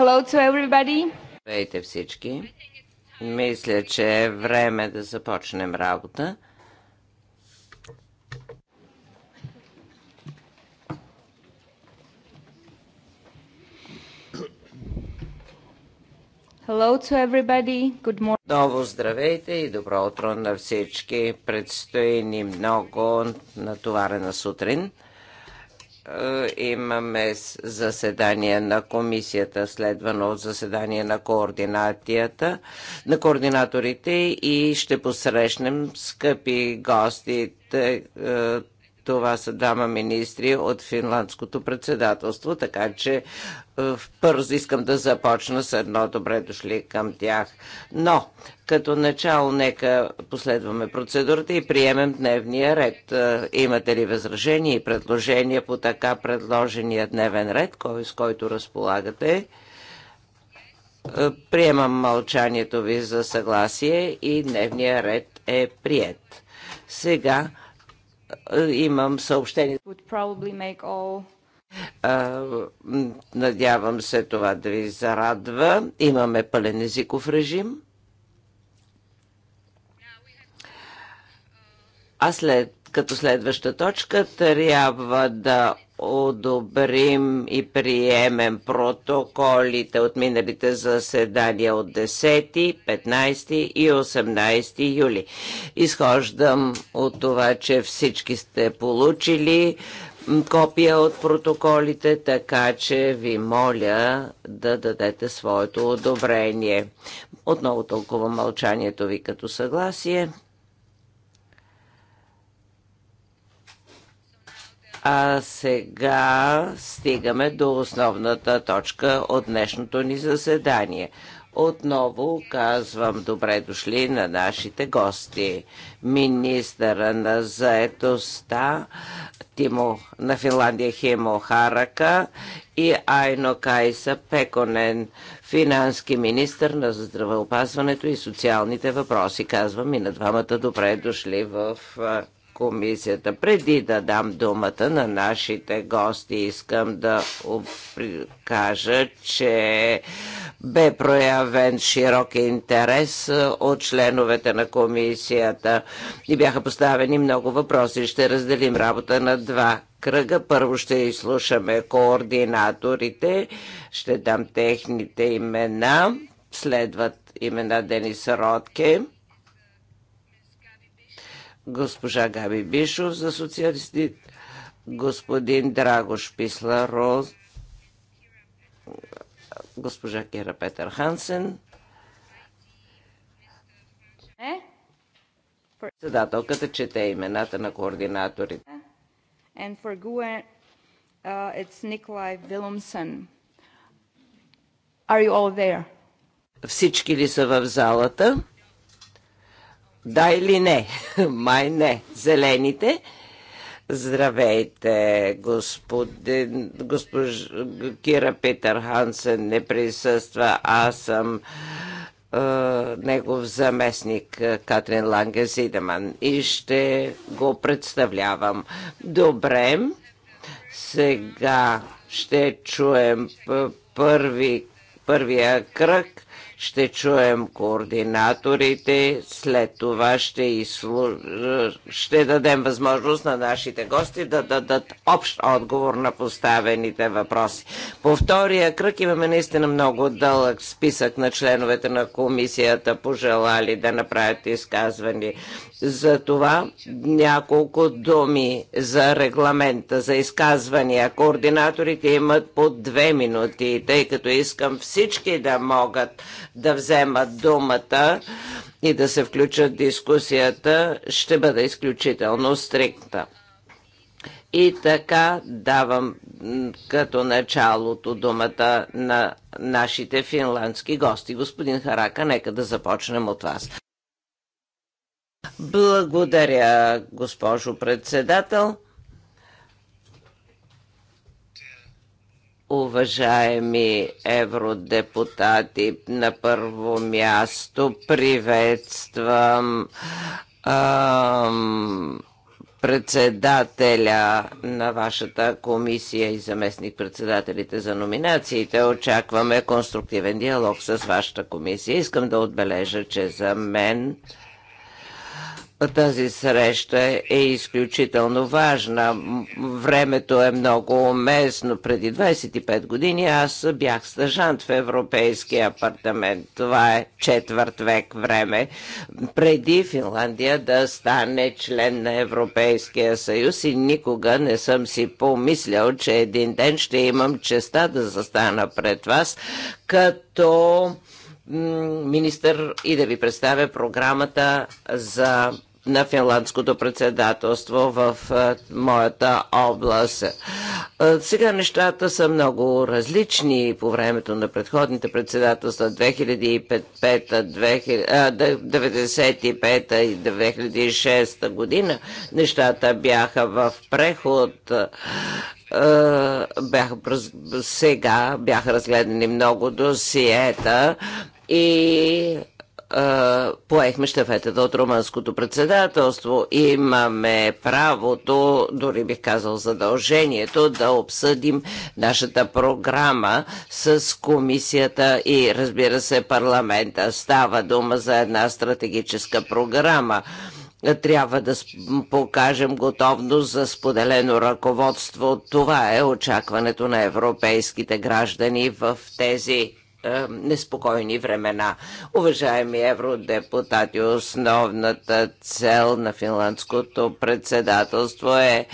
Hello to everybody. Здравейте всички. Мисля, че е време да започнем работа. Hello to everybody. Good morning. Ново здравейте и добро утро на всички. Предстои ни много натоварена сутрин. Е, имаме заседание на комисията, следвано от заседание на координатията, на координаторите и ще посрещнем скъпи гости, е, това са дама министри от финландското председателство, така че първо е, искам да започна с едно добре дошли към тях. Но, като начало, нека последваме процедурата и приемем дневния ред. Е, имате ли възражения и предложения по така предложения дневен ред, кой, с който разполагате? Е, приемам мълчанието ви за съгласие и дневния ред е прият. Сега е, имам съобщение. Е, надявам се това да ви зарадва. Имаме пълен езиков режим. А след като следваща точка трябва да одобрим и приемем протоколите от миналите заседания от 10, 15 и 18 юли. Изхождам от това, че всички сте получили копия от протоколите, така че ви моля да дадете своето одобрение. Отново толкова мълчанието ви като съгласие. А сега стигаме до основната точка от днешното ни заседание. Отново казвам добре дошли на нашите гости. Министъра на заетостта Тимо, на Финландия Химо Харака и Айно Кайса Пеконен, финански министър на здравеопазването и социалните въпроси. Казвам и на двамата добре дошли в комисията. Преди да дам думата на нашите гости, искам да кажа, че бе проявен широк интерес от членовете на комисията и бяха поставени много въпроси. Ще разделим работа на два кръга. Първо ще изслушаме координаторите, ще дам техните имена. Следват имена Денис Ротке госпожа Габи Бишов за социалистите, господин Драгош Писла Роз, госпожа Кира Петър Хансен. Е? Председателката чете имената на координаторите. And for GUE, uh, it's Nikolai Willumsen. Are you all there? Всички ли са в залата? Да или не? Май не. Зелените. Здравейте, господин, госпож Кира Питър Хансен не присъства. Аз съм е, негов заместник Катрин Ланге Зидеман и ще го представлявам. Добре, сега ще чуем първи, първия кръг ще чуем координаторите, след това ще, изслу... ще дадем възможност на нашите гости да дадат общ отговор на поставените въпроси. По втория кръг имаме наистина много дълъг списък на членовете на комисията, пожелали да направят изказвани. За това няколко думи за регламента, за изказвания. Координаторите имат по две минути, тъй като искам всички да могат да вземат думата и да се включат в дискусията, ще бъда изключително стрикта. И така давам като началото думата на нашите финландски гости. Господин Харака, нека да започнем от вас. Благодаря, госпожо председател. Уважаеми евродепутати, на първо място приветствам ам, председателя на вашата комисия и заместник-председателите за номинациите. Очакваме конструктивен диалог с вашата комисия. Искам да отбележа, че за мен тази среща е изключително важна. Времето е много уместно. Преди 25 години аз бях стъжант в Европейския апартамент. Това е четвърт век време. Преди Финландия да стане член на Европейския съюз и никога не съм си помислял, че един ден ще имам честа да застана пред вас като министър и да ви представя програмата за на финландското председателство в е, моята област. Е, сега нещата са много различни по времето на предходните председателства 2005, 1995 и 2006 е, година. Нещата бяха в преход бях, сега бяха разгледани много досиета и поехме щафетата от румънското председателство. Имаме правото, дори бих казал задължението, да обсъдим нашата програма с комисията и разбира се парламента. Става дума за една стратегическа програма трябва да покажем готовност за споделено ръководство. Това е очакването на европейските граждани в тези е, неспокойни времена. Уважаеми евродепутати, основната цел на финландското председателство е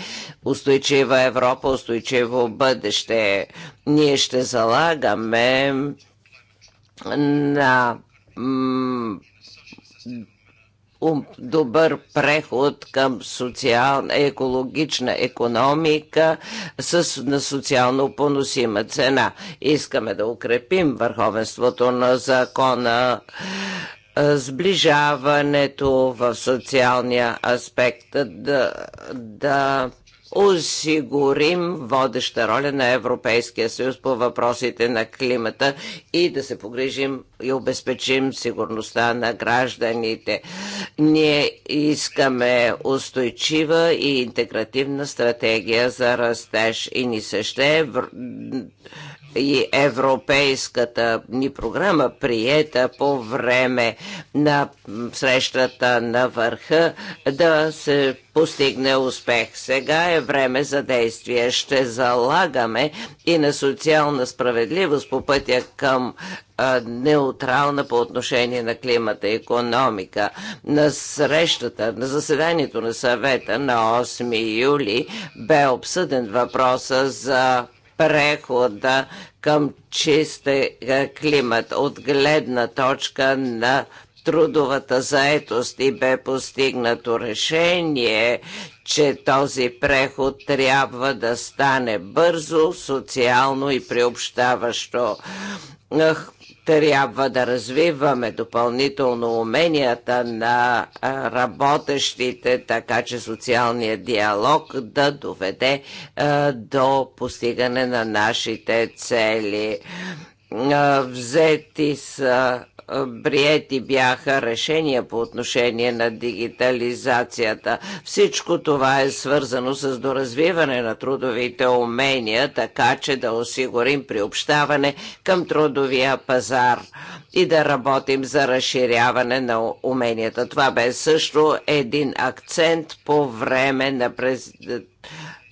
устойчива Европа, устойчиво бъдеще. Ние ще залагаме на добър преход към социална, екологична економика с, на социално поносима цена. Искаме да укрепим върховенството на закона сближаването в социалния аспект, да, да осигурим водеща роля на Европейския съюз по въпросите на климата и да се погрижим и обезпечим сигурността на гражданите. Ние искаме устойчива и интегративна стратегия за растеж и ни се ще и европейската ни програма, приета по време на срещата на върха, да се постигне успех. Сега е време за действие. Ще залагаме и на социална справедливост по пътя към неутрална по отношение на климата и економика. На срещата, на заседанието на съвета на 8 юли бе обсъден въпроса за прехода към чист е, климат от гледна точка на трудовата заетост и бе постигнато решение, че този преход трябва да стане бързо, социално и приобщаващо трябва да развиваме допълнително уменията на работещите, така че социалният диалог да доведе до постигане на нашите цели взети са, приети бяха решения по отношение на дигитализацията. Всичко това е свързано с доразвиване на трудовите умения, така че да осигурим приобщаване към трудовия пазар и да работим за разширяване на уменията. Това бе също един акцент по време на през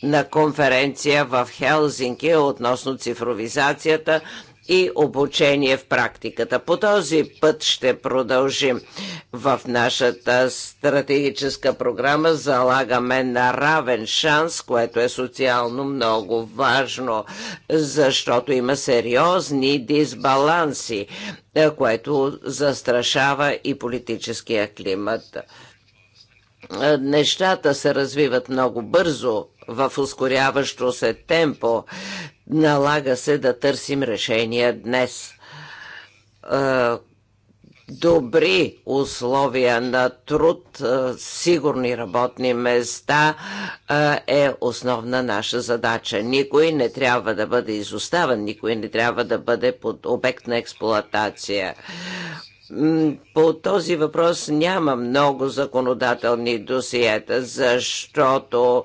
на конференция в Хелзинки относно цифровизацията и обучение в практиката. По този път ще продължим. В нашата стратегическа програма залагаме на равен шанс, което е социално много важно, защото има сериозни дисбаланси, е, което застрашава и политическия климат. Е, нещата се развиват много бързо в ускоряващо се темпо Налага се да търсим решения днес. Добри условия на труд, сигурни работни места е основна наша задача. Никой не трябва да бъде изоставен, никой не трябва да бъде под обект на експлоатация. По този въпрос няма много законодателни досиета, защото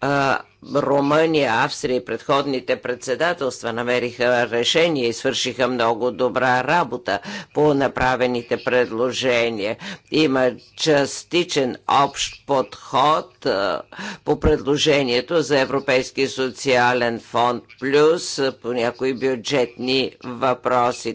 а, Румъния, Австрия и предходните председателства намериха решение и свършиха много добра работа по направените предложения. Има частичен общ подход по предложението за Европейски социален фонд плюс по някои бюджетни въпроси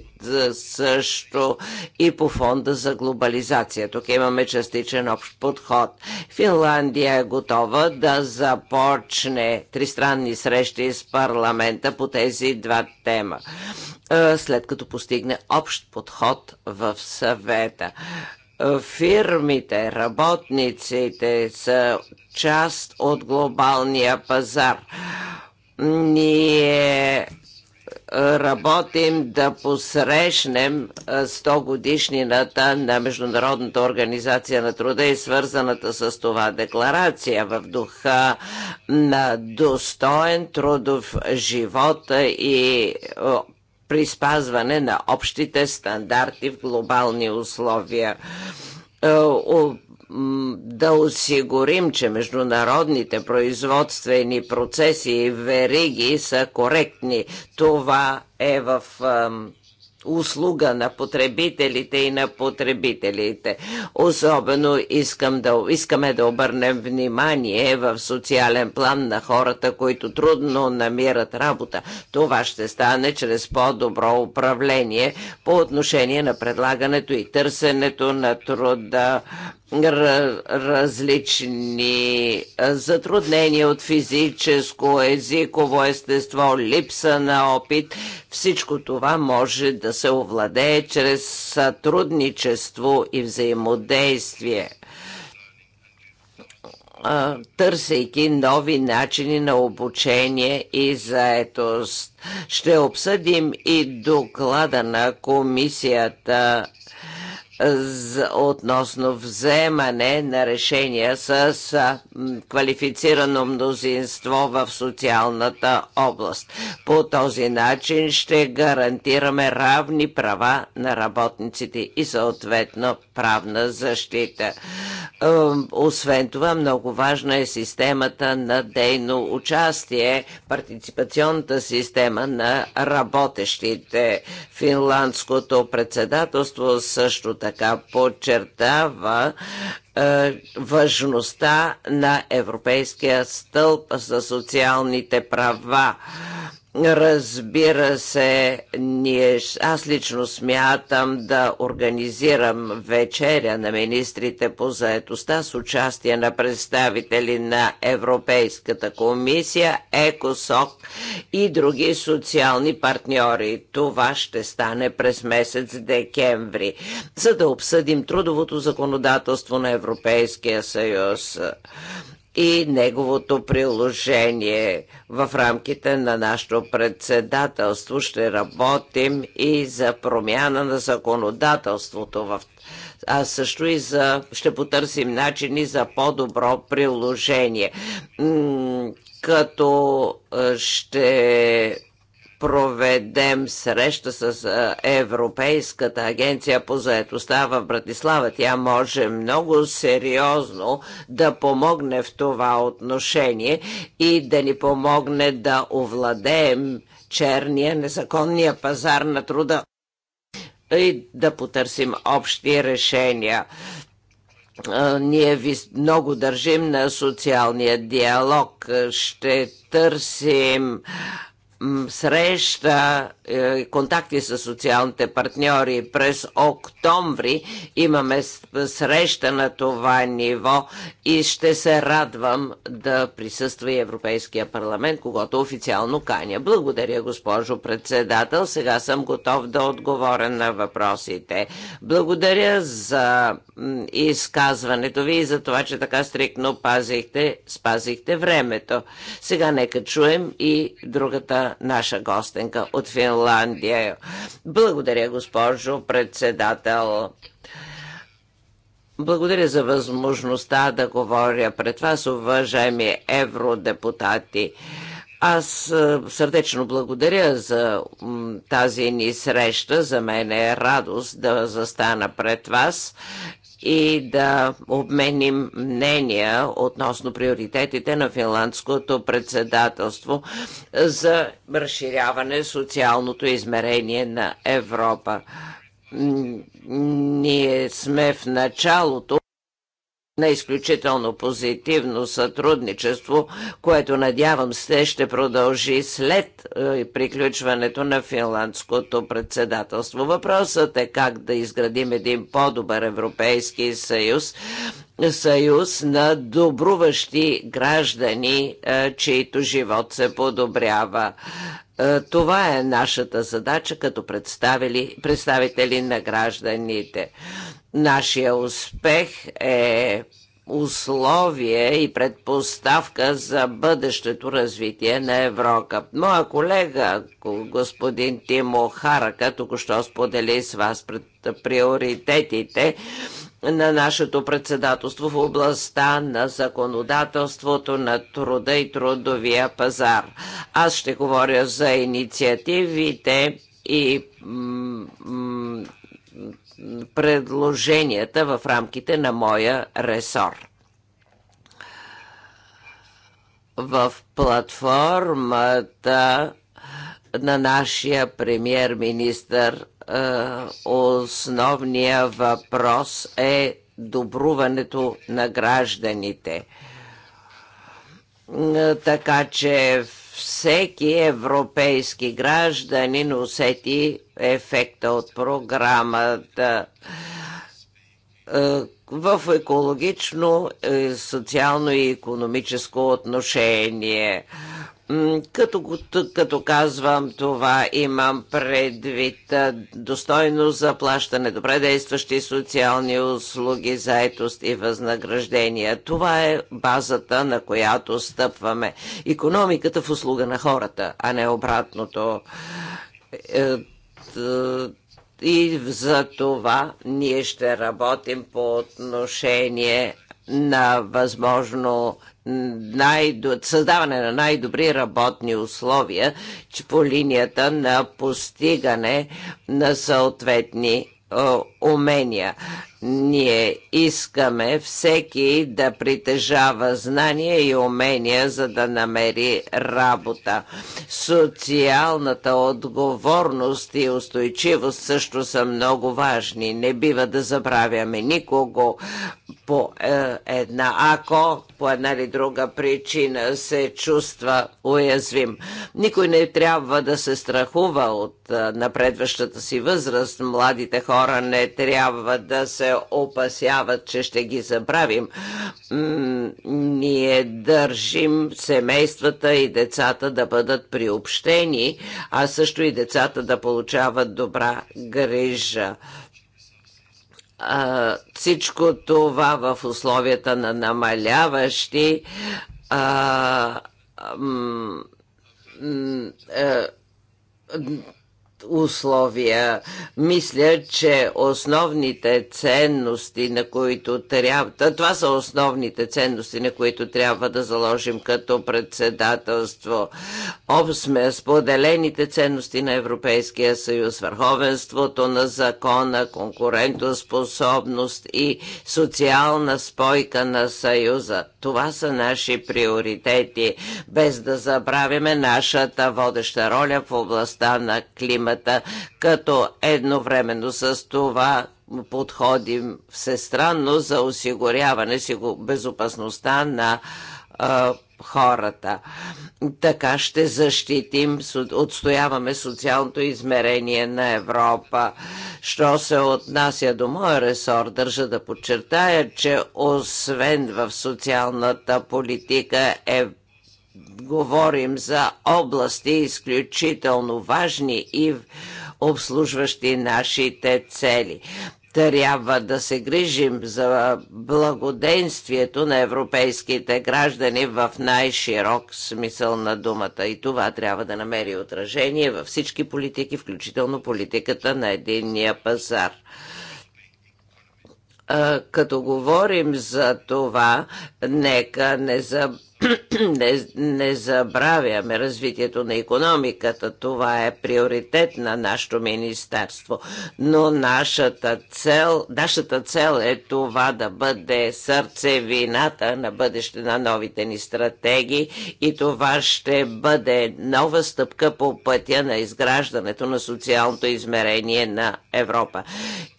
също и по фонда за глобализация. Тук имаме частичен общ подход. Финландия е готова да започне провеждане тристранни срещи с парламента по тези два тема, след като постигне общ подход в съвета фирмите, работниците са част от глобалния пазар. Ние работим да посрещнем 100 годишнината на Международната организация на труда и свързаната с това декларация в духа на достоен трудов живот и при спазване на общите стандарти в глобални условия да осигурим, че международните производствени процеси и вериги са коректни. Това е в услуга на потребителите и на потребителите. Особено искам да, искаме да обърнем внимание в социален план на хората, които трудно намират работа. Това ще стане чрез по-добро управление по отношение на предлагането и търсенето на труда различни затруднения от физическо, езиково естество, липса на опит. Всичко това може да се овладее чрез сътрудничество и взаимодействие търсейки нови начини на обучение и заетост. Ще обсъдим и доклада на комисията относно вземане на решения с квалифицирано мнозинство в социалната област. По този начин ще гарантираме равни права на работниците и съответно правна защита. Освен това, много важна е системата на дейно участие, партиципационната система на работещите. Финландското председателство също така така подчертава е, важността на Европейския стълб за социалните права Разбира се, ние, аз лично смятам да организирам вечеря на министрите по заетостта с участие на представители на Европейската комисия, ЕКОСОК и други социални партньори. Това ще стане през месец декември, за да обсъдим трудовото законодателство на Европейския съюз и неговото приложение. В рамките на нашето председателство ще работим и за промяна на законодателството в а също и за, ще потърсим начини за по-добро приложение. М като ще проведем среща с Европейската агенция по заедостта в Братислава. Тя може много сериозно да помогне в това отношение и да ни помогне да овладеем черния незаконния пазар на труда и да потърсим общи решения ние ви много държим на социалния диалог. Ще търсим среща, е, контакти с социалните партньори през октомври. Имаме среща на това ниво и ще се радвам да присъства и Европейския парламент, когато официално каня. Благодаря, госпожо председател. Сега съм готов да отговоря на въпросите. Благодаря за изказването ви и за това, че така стрикно пазихте, спазихте времето. Сега нека чуем и другата наша гостенка от Финландия. Благодаря, госпожо председател. Благодаря за възможността да говоря пред вас, уважаеми евродепутати. Аз е, сърдечно благодаря за тази ни среща. За мен е радост да застана пред вас и да обменим мнения относно приоритетите на финландското председателство за разширяване социалното измерение на Европа ние сме в началото на изключително позитивно сътрудничество, което надявам се ще продължи след е, приключването на финландското председателство. Въпросът е как да изградим един по-добър Европейски съюз, съюз на добруващи граждани, е, чието живот се подобрява. Е, това е нашата задача като представители на гражданите. Нашия успех е условие и предпоставка за бъдещето развитие на Европа. Моя колега, господин Тимо Харака, току-що сподели с вас пред приоритетите на нашето председателство в областта на законодателството на труда и трудовия пазар. Аз ще говоря за инициативите и предложенията в рамките на моя ресор. В платформата на нашия премьер-министр е, основният въпрос е добруването на гражданите. Е, така че в всеки европейски гражданин усети ефекта от програмата е, в екологично, е, социално и економическо отношение. Като, като казвам това, имам предвид достойно заплащане, добре действащи социални услуги, заетост и възнаграждения. Това е базата, на която стъпваме. Економиката в услуга на хората, а не обратното. Е, и за това ние ще работим по отношение на възможно най- създаване на най-добри работни условия по линията на постигане на съответни умения. Ние искаме всеки да притежава знания и умения, за да намери работа. Социалната отговорност и устойчивост също са много важни. Не бива да забравяме никого по е, една, ако по една или друга причина се чувства уязвим. Никой не трябва да се страхува от е, напредващата си възраст. Младите хора не трябва да се опасяват, че ще ги забравим. Ние държим семействата и децата да бъдат приобщени, а също и децата да получават добра грижа всичко това в условията на намаляващи а, а, а, условия. Мисля, че основните ценности, на които трябва... Това са основните ценности, на които трябва да заложим като председателство. Обсме споделените ценности на Европейския съюз, върховенството на закона, конкурентоспособност и социална спойка на съюза. Това са наши приоритети, без да забравяме нашата водеща роля в областта на климата темата, като едновременно с това подходим всестранно за осигуряване безопасността на а, хората. Така ще защитим, отстояваме социалното измерение на Европа. Що се отнася до моя ресор, държа да подчертая, че освен в социалната политика е говорим за области изключително важни и обслужващи нашите цели. Трябва да се грижим за благоденствието на европейските граждани в най-широк смисъл на думата. И това трябва да намери отражение във всички политики, включително политиката на единния пазар като говорим за това, нека не, за, не, не забравяме развитието на економиката. Това е приоритет на нашето министерство. Но нашата цел, нашата цел е това да бъде сърцевината на бъдеще на новите ни стратегии и това ще бъде нова стъпка по пътя на изграждането на социалното измерение на Европа.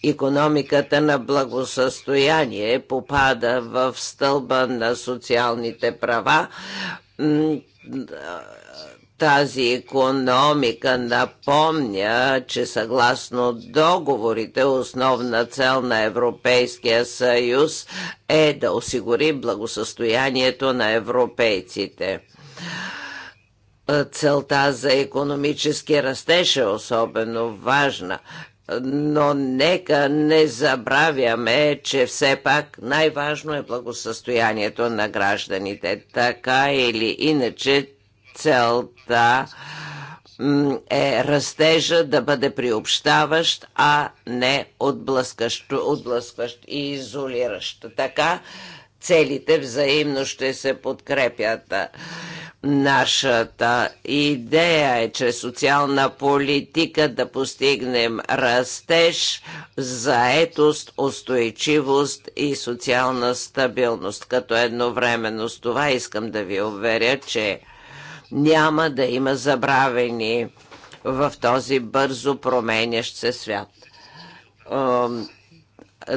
Економиката на благосъстояние попада в стълба на социалните права това тази економика напомня, че съгласно договорите основна цел на Европейския съюз е да осигури благосъстоянието на европейците. Целта за економически растеж е особено важна но нека не забравяме, че все пак най-важно е благосъстоянието на гражданите. Така или иначе целта е растежа да бъде приобщаващ, а не отблъскащ, отблъскващ и изолиращ. Така целите взаимно ще се подкрепят. Нашата идея е чрез социална политика да постигнем растеж, заетост, устойчивост и социална стабилност. Като едновременно с това искам да ви уверя, че няма да има забравени в този бързо променящ се свят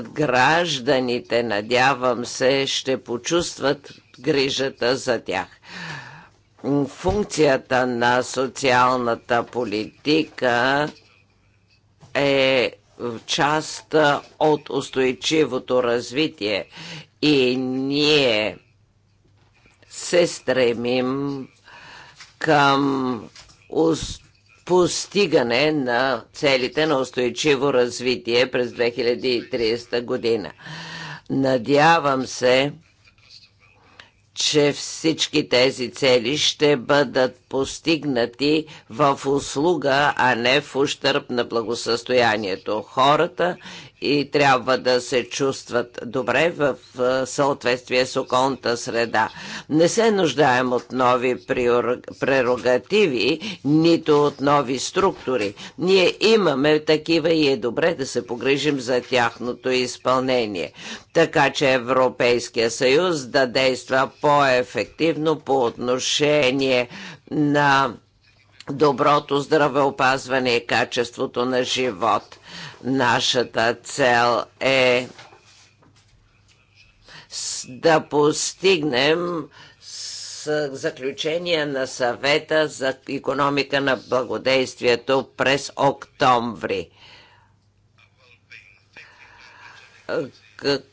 гражданите, надявам се, ще почувстват грижата за тях функцията на социалната политика е част от устойчивото развитие и ние се стремим към постигане на целите на устойчиво развитие през 2030 година. Надявам се, че всички тези цели ще бъдат постигнати в услуга, а не в ущърп на благосъстоянието. Хората и трябва да се чувстват добре в съответствие с околната среда. Не се нуждаем от нови прерогативи, нито от нови структури. Ние имаме такива и е добре да се погрижим за тяхното изпълнение. Така че Европейския съюз да действа по-ефективно по отношение на доброто здравеопазване и качеството на живот. Нашата цел е да постигнем заключение на съвета за економика на благодействието през октомври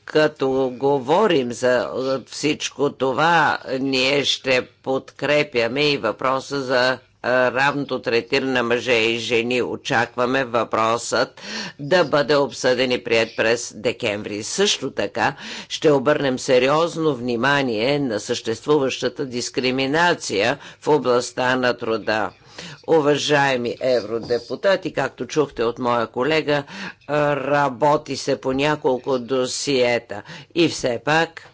като говорим за всичко това, ние ще подкрепяме и въпроса за равното третиране на мъже и жени. Очакваме въпросът да бъде обсъден и прият през декември. Също така ще обърнем сериозно внимание на съществуващата дискриминация в областта на труда. Уважаеми евродепутати, както чухте от моя колега, работи се по няколко досиета. И все пак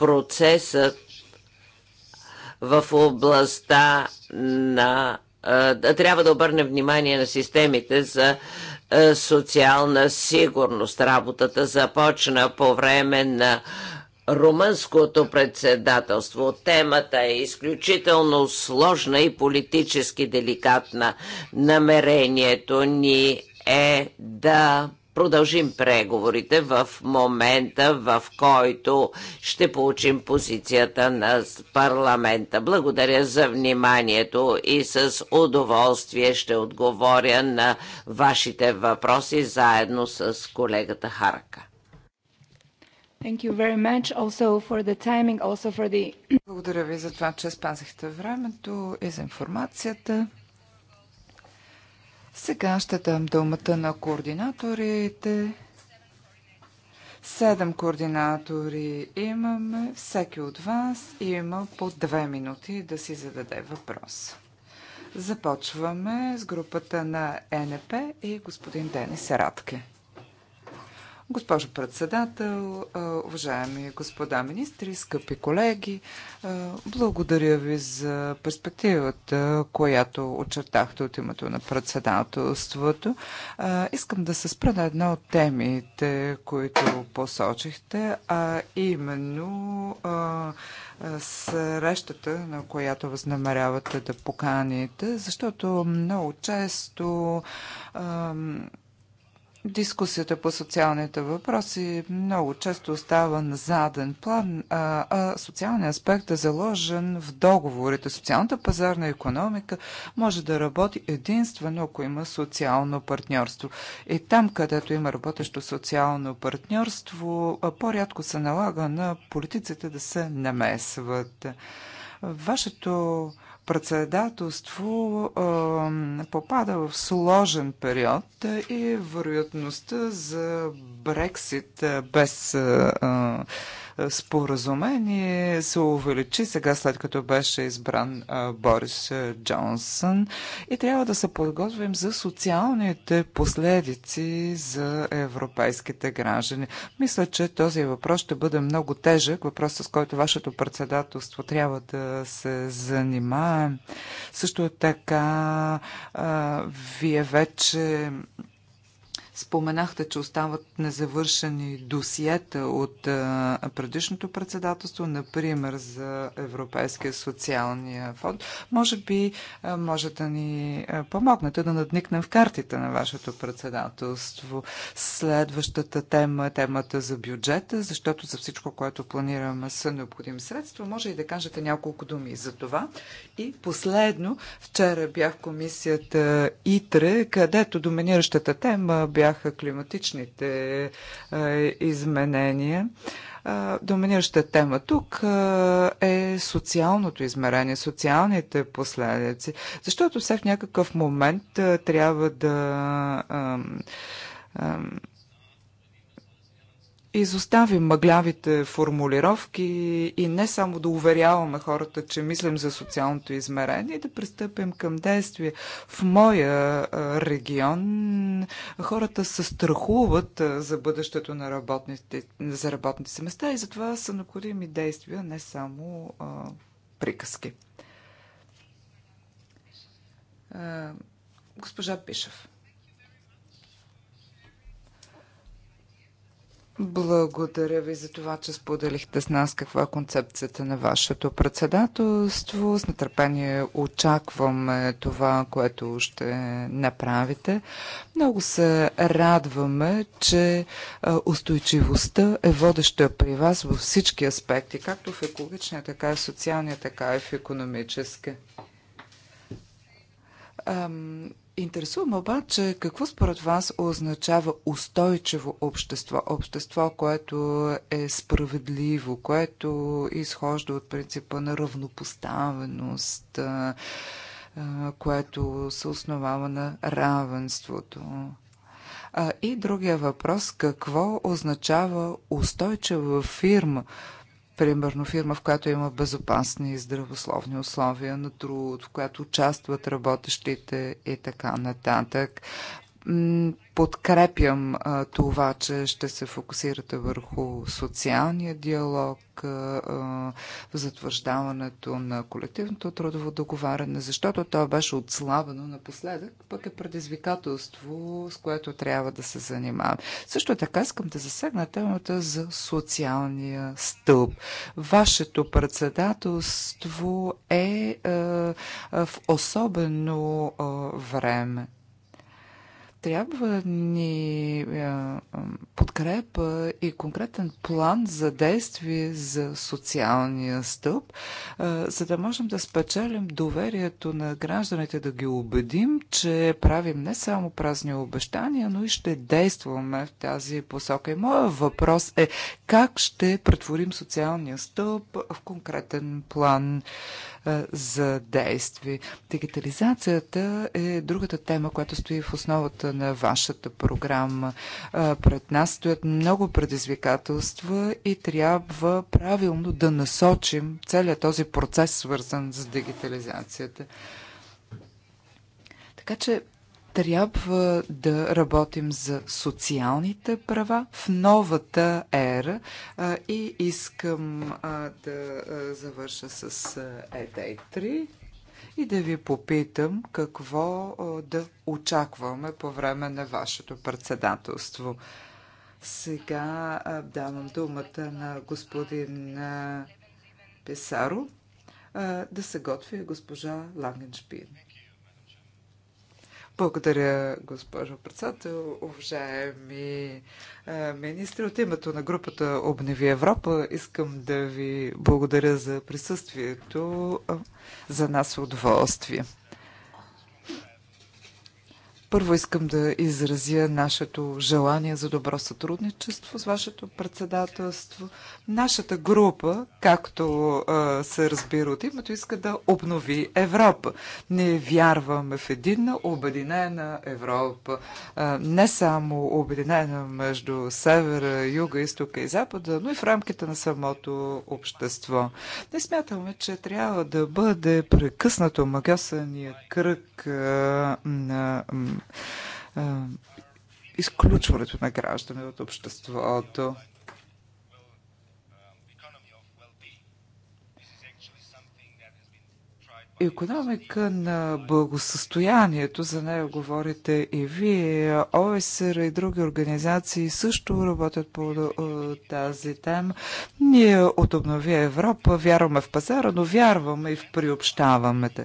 процесът в областта на трябва да обърне внимание на системите за социална сигурност. Работата започна по време на румънското председателство. Темата е изключително сложна и политически деликатна. Намерението ни е да продължим преговорите в момента, в който ще получим позицията на парламента. Благодаря за вниманието и с удоволствие ще отговоря на вашите въпроси заедно с колегата Харка. Благодаря ви за това, че спазихте времето и за информацията. Сега ще дам думата на координаторите. Седем координатори имаме. Всеки от вас има по две минути да си зададе въпрос. Започваме с групата на НП и господин Денис Радке. Госпожо председател, уважаеми господа министри, скъпи колеги, благодаря ви за перспективата, която очертахте от името на председателството. Искам да се спра на една от темите, които посочихте, а именно срещата, на която възнамерявате да поканите, защото много често Дискусията по социалните въпроси много често остава на заден план, а, а социалният аспект е заложен в договорите. Социалната пазарна економика може да работи единствено, ако има социално партньорство. И там, където има работещо социално партньорство, по-рядко се налага на политиците да се намесват. Вашето председателство попада в сложен период и вероятността за Брексит без споразумение се увеличи сега след като беше избран Борис Джонсън и трябва да се подготвим за социалните последици за европейските граждани. Мисля, че този въпрос ще бъде много тежък, въпрос с който вашето председателство трябва да се занимае. Също така, вие вече Споменахте, че остават незавършени досиета от предишното председателство, например за Европейския социалния фонд. Може би може да ни помогнете да надникнем в картите на вашето председателство. Следващата тема е темата за бюджета, защото за всичко, което планираме са необходими средства. Може и да кажете няколко думи за това. И последно, вчера бях в комисията ИТРЕ, където доминиращата тема бях бяха климатичните е, изменения. Е, доминираща тема тук е, е социалното измерение, социалните последици, защото все в някакъв момент трябва да изоставим мъглявите формулировки и не само да уверяваме хората, че мислим за социалното измерение, да пристъпим към действие. В моя регион хората се страхуват за бъдещето на работните, за работните си места и затова са необходими действия, не само а, приказки. А, госпожа Пишев. Благодаря ви за това, че споделихте с нас каква е концепцията на вашето председателство. С нетърпение очакваме това, което ще направите. Много се радваме, че устойчивостта е водеща при вас във всички аспекти, както в екологичния, така и в социалния, така и в економическия Интересувам обаче какво според вас означава устойчиво общество? Общество, което е справедливо, което изхожда от принципа на равнопоставеност, което се основава на равенството. И другия въпрос какво означава устойчива фирма? примерно фирма, в която има безопасни и здравословни условия на труд, в която участват работещите и така нататък. Подкрепям това, че ще се фокусирате върху социалния диалог, затвърждаването на колективното трудово договаряне, защото то беше отслабено напоследък, пък е предизвикателство, с което трябва да се занимаваме. Също така искам да засегна темата за социалния стълб. Вашето председателство е в особено време. Трябва ни е, е, подкрепа и конкретен план за действие за социалния стълб, е, за да можем да спечелим доверието на гражданите, да ги убедим, че правим не само празни обещания, но и ще действаме в тази посока. И моят въпрос е как ще претворим социалния стълб в конкретен план? Е, за действие. Дигитализацията е другата тема, която стои в основата на вашата програма. Е, пред нас стоят много предизвикателства и трябва правилно да насочим целият този процес, свързан с дигитализацията. Така че трябва да работим за социалните права в новата ера и искам да завърша с ед 3 и да ви попитам какво да очакваме по време на вашето председателство. Сега давам думата на господин Песаро да се готви госпожа Лагеншпин. Благодаря, госпожо председател. Уважаеми е, министри, от името на групата Обневи Европа искам да ви благодаря за присъствието. Е, за нас е удоволствие. Първо искам да изразя нашето желание за добро сътрудничество с вашето председателство. Нашата група, както а, се разбира от името, иска да обнови Европа. Ние вярваме в единна, обединена Европа. А, не само обединена между севера, юга, изтока и запада, но и в рамките на самото общество. Не смятаме, че трябва да бъде прекъснато магасания кръг а, на изключването на граждане от обществото. Економика на благосъстоянието, за нея говорите и вие, ОСР и други организации също работят по тази тема. Ние от Обнови Европа вярваме в пазара, но вярваме и в приобщаването.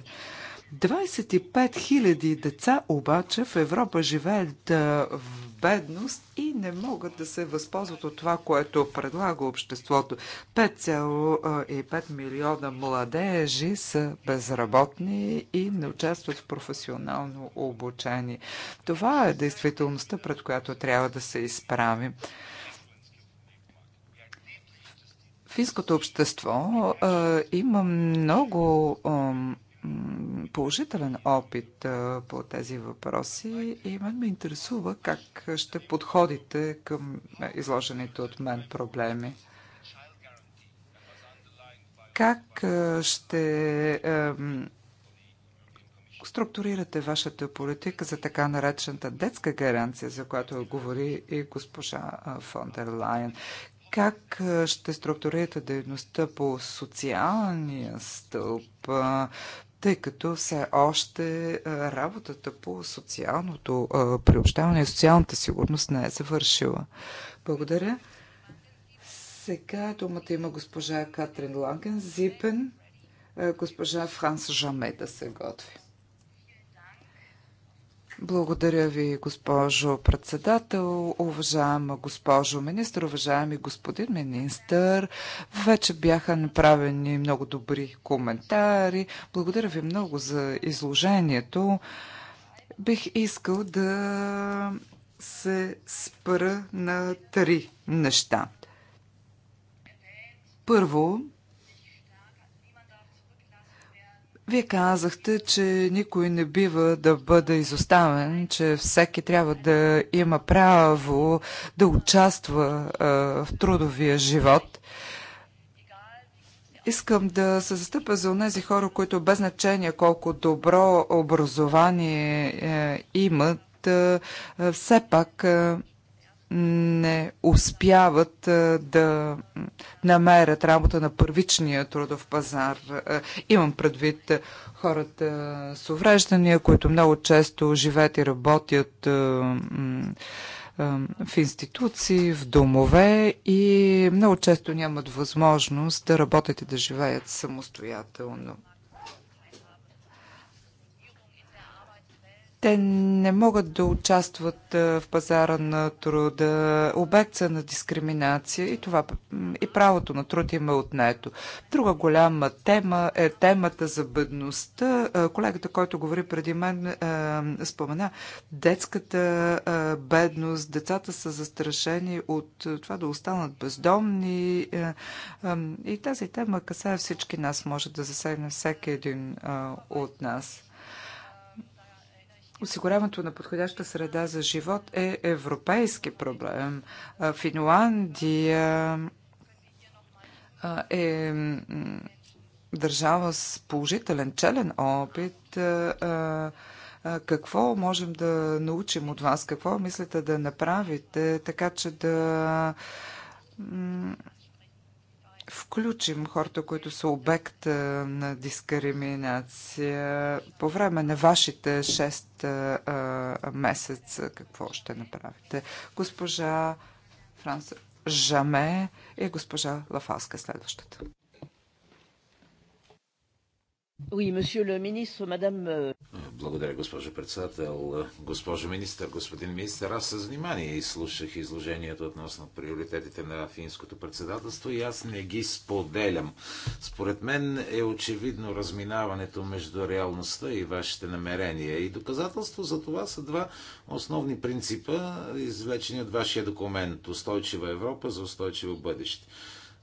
25 хиляди деца обаче в Европа живеят в бедност и не могат да се възползват от това, което предлага обществото. 5,5 милиона младежи са безработни и не участват в професионално обучение. Това е действителността, пред която трябва да се изправим. Финското общество а, има много а, положителен опит по тези въпроси и мен ме интересува как ще подходите към изложените от мен проблеми. Как ще структурирате вашата политика за така наречената детска гаранция, за която говори и госпожа фон дер Лайен? Как ще структурирате дейността по социалния стълб, тъй като все още работата по социалното приобщаване и социалната сигурност не е завършила. Благодаря. Сега думата има госпожа Катрин Ланген, Зипен, госпожа Франс Жаме да се готви. Благодаря ви, госпожо председател, уважаема госпожо министр, уважаеми господин министр. Вече бяха направени много добри коментари. Благодаря ви много за изложението. Бих искал да се спра на три неща. Първо, Вие казахте, че никой не бива да бъде изоставен, че всеки трябва да има право да участва а, в трудовия живот. Искам да се застъпя за тези хора, които без значение колко добро образование е, имат, е, все пак не успяват е, да намерят работа на първичния трудов пазар. Е, имам предвид хората с увреждания, които много често живеят и работят е, в институции, в домове и много често нямат възможност да работят и да живеят самостоятелно. Те не могат да участват е, в пазара на труда, обект са на дискриминация и това и правото на труд им е отнето. Друга голяма тема е темата за бедността. Е, колегата, който говори преди мен, е, спомена детската бедност. Децата са застрашени от това да останат бездомни. И тази тема касае всички нас, може да засегне всеки един от нас. Осигуряването на подходяща среда за живот е европейски проблем. Финландия е държава с положителен челен опит. Какво можем да научим от вас? Какво мислите да направите, така че да включим хората, които са обект на дискриминация по време на вашите 6 месеца? Какво ще направите? Госпожа Франс Жаме и госпожа Лафаска следващата. Euh, Благодаря, госпожо председател. Госпожо министър, господин министър, аз с внимание изслушах изложението относно приоритетите на финското председателство и аз не ги споделям. Според мен е очевидно разминаването между реалността и вашите намерения. И доказателство за това са два основни принципа, извлечени от вашия документ. Устойчива Европа за устойчиво бъдеще.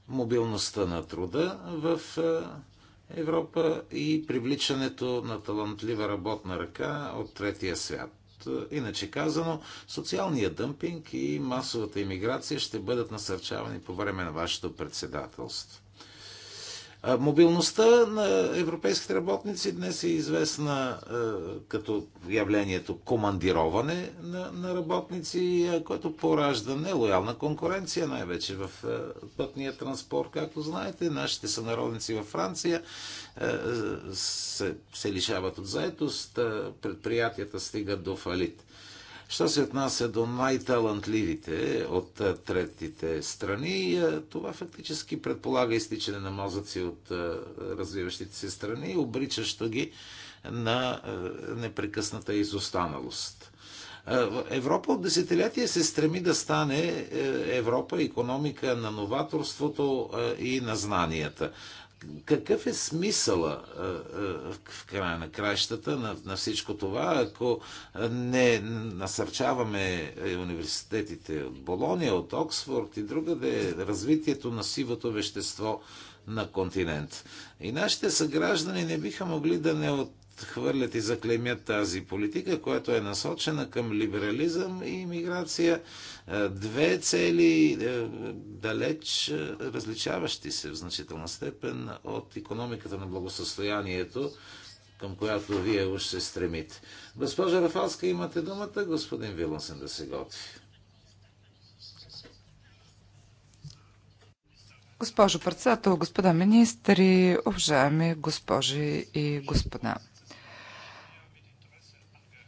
Мобилността на труда в Европа и привличането на талантлива работна ръка от третия свят. Иначе казано, социалният дъмпинг и масовата иммиграция ще бъдат насърчавани по време на вашето председателство. Мобилността на европейските работници днес е известна като явлението командироване на, на работници, което поражда нелоялна конкуренция, най-вече в пътния транспорт, както знаете. Нашите сънародници във Франция се, се лишават от заетост, предприятията стигат до фалит. Що се отнася до най-талантливите от третите страни, това фактически предполага изтичане на мозъци от развиващите се страни, обричащо ги на непрекъсната изостаналост. Европа от десетилетия се стреми да стане е, Европа економика на новаторството и на знанията какъв е смисъла в края на кращата на, на всичко това, ако не насърчаваме университетите от Болония, от Оксфорд и другаде развитието на сивото вещество на континент. И нашите съграждани не биха могли да не от Хвърлят и заклемят тази политика, която е насочена към либерализъм и иммиграция. Е, две цели е, далеч е, различаващи се в значителна степен от економиката на благосъстоянието, към която вие уж се стремите. Госпожа Рафалска, имате думата, господин Вилансен да се готви. Госпожо председател, господа министри, уважаеми госпожи и господа.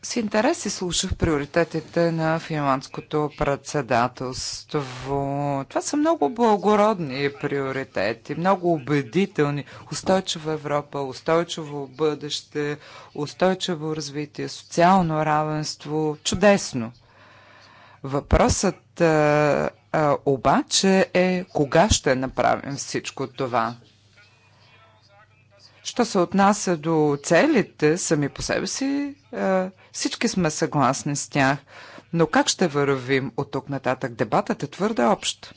С интерес и слушах приоритетите на финландското председателство. Това са много благородни приоритети, много убедителни. Устойчива Европа, устойчиво бъдеще, устойчиво развитие, социално равенство. Чудесно. Въпросът а, а, обаче е кога ще направим всичко това. Що се отнася до целите сами по себе си, е, всички сме съгласни с тях. Но как ще вървим от тук нататък? Дебатът е твърде общ.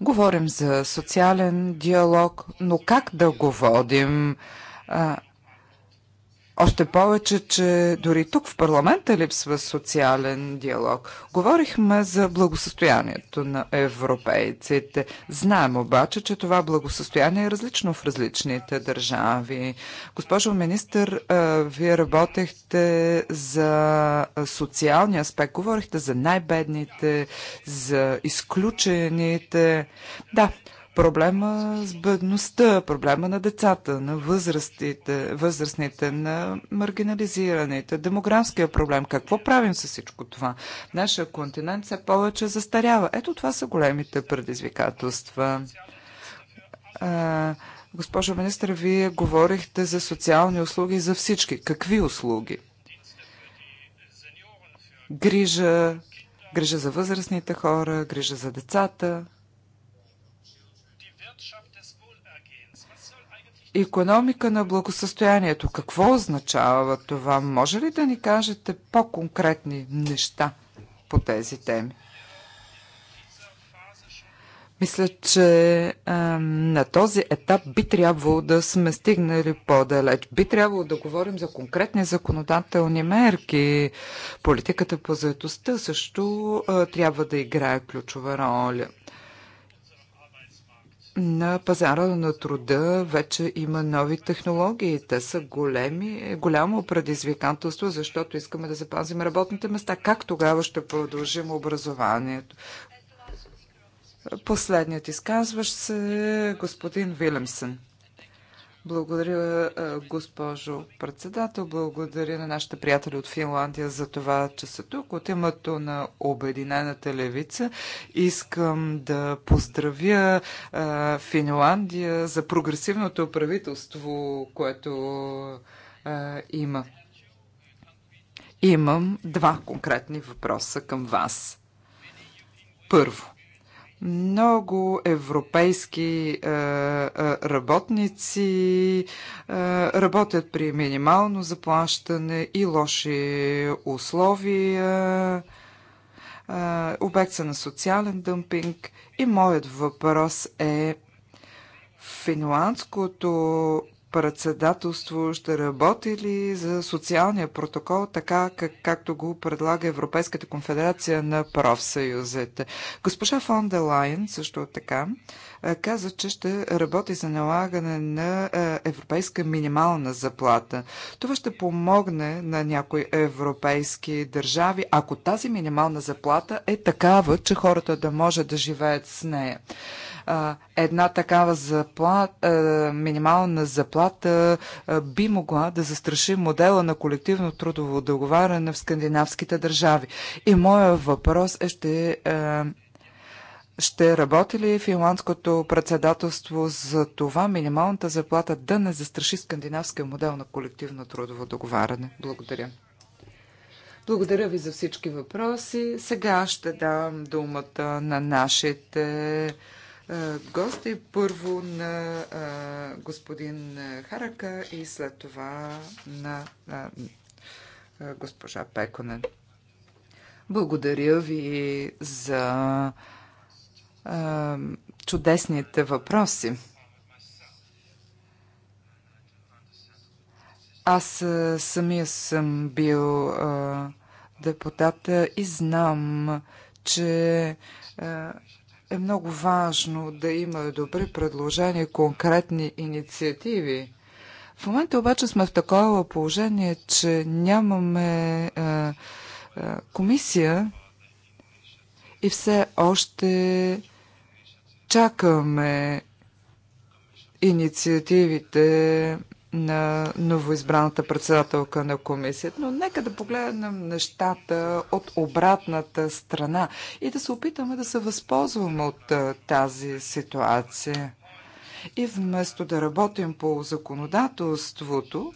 Говорим за социален диалог, но как да го водим? Още повече, че дори тук в парламента липсва социален диалог. Говорихме за благосъстоянието на европейците. Знаем обаче, че това благосъстояние е различно в различните държави. Госпожо министър, вие работехте за социалния аспект. Говорихте за най-бедните, за изключените. Да, Проблема с бедността, проблема на децата, на възрастите, възрастните, на маргинализираните, демографския проблем. Какво правим с всичко това? Нашия континент все повече застарява. Ето това са големите предизвикателства. Госпожо министър, вие говорихте за социални услуги за всички. Какви услуги? Грижа, грижа за възрастните хора, грижа за децата – Економика на благосъстоянието. Какво означава това? Може ли да ни кажете по-конкретни неща по тези теми? Мисля, че а, на този етап би трябвало да сме стигнали по-далеч. Би трябвало да говорим за конкретни законодателни мерки. Политиката по заедостта също а, трябва да играе ключова роля на пазара на труда вече има нови технологии. Те са големи, голямо предизвикателство, защото искаме да запазим работните места. Как тогава ще продължим образованието? Последният изказващ се е господин Вилемсън. Благодаря, е, госпожо председател. Благодаря на нашите приятели от Финландия за това, че са тук. От името на Обединената левица искам да поздравя е, Финландия за прогресивното правителство, което е, има. Имам два конкретни въпроса към вас. Първо, много европейски е, е, работници е, работят при минимално заплащане и лоши условия, е, обект са на социален дъмпинг. И моят въпрос е финландското председателство ще работи ли за социалния протокол, така как, както го предлага Европейската конфедерация на профсъюзите. Госпожа фон де Лайн също така каза, че ще работи за налагане на европейска минимална заплата. Това ще помогне на някои европейски държави, ако тази минимална заплата е такава, че хората да може да живеят с нея една такава заплата, минимална заплата би могла да застраши модела на колективно трудово договаряне в скандинавските държави. И моя въпрос е ще ще работи ли финландското председателство за това минималната заплата да не застраши скандинавския модел на колективно трудово договаряне? Благодаря. Благодаря ви за всички въпроси. Сега ще дам думата на нашите гости. Първо на господин Харака и след това на госпожа Пеконен. Благодаря ви за чудесните въпроси. Аз самия съм бил депутат депутата и знам, че а, е много важно да има добри предложения, конкретни инициативи. В момента обаче сме в такова положение, че нямаме е, е, комисия и все още чакаме инициативите на новоизбраната председателка на комисията, но нека да погледнем нещата от обратната страна и да се опитаме да се възползваме от тази ситуация. И вместо да работим по законодателството,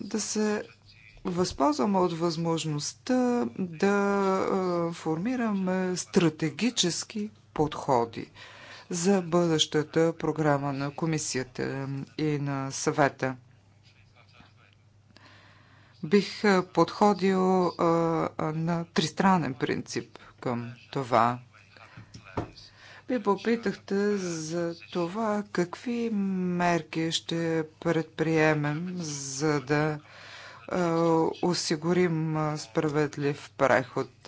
да се възползваме от възможността да формираме стратегически подходи за бъдещата програма на комисията и на съвета. Бих подходил на тристранен принцип към това. Ви попитахте за това какви мерки ще предприемем, за да осигурим справедлив преход.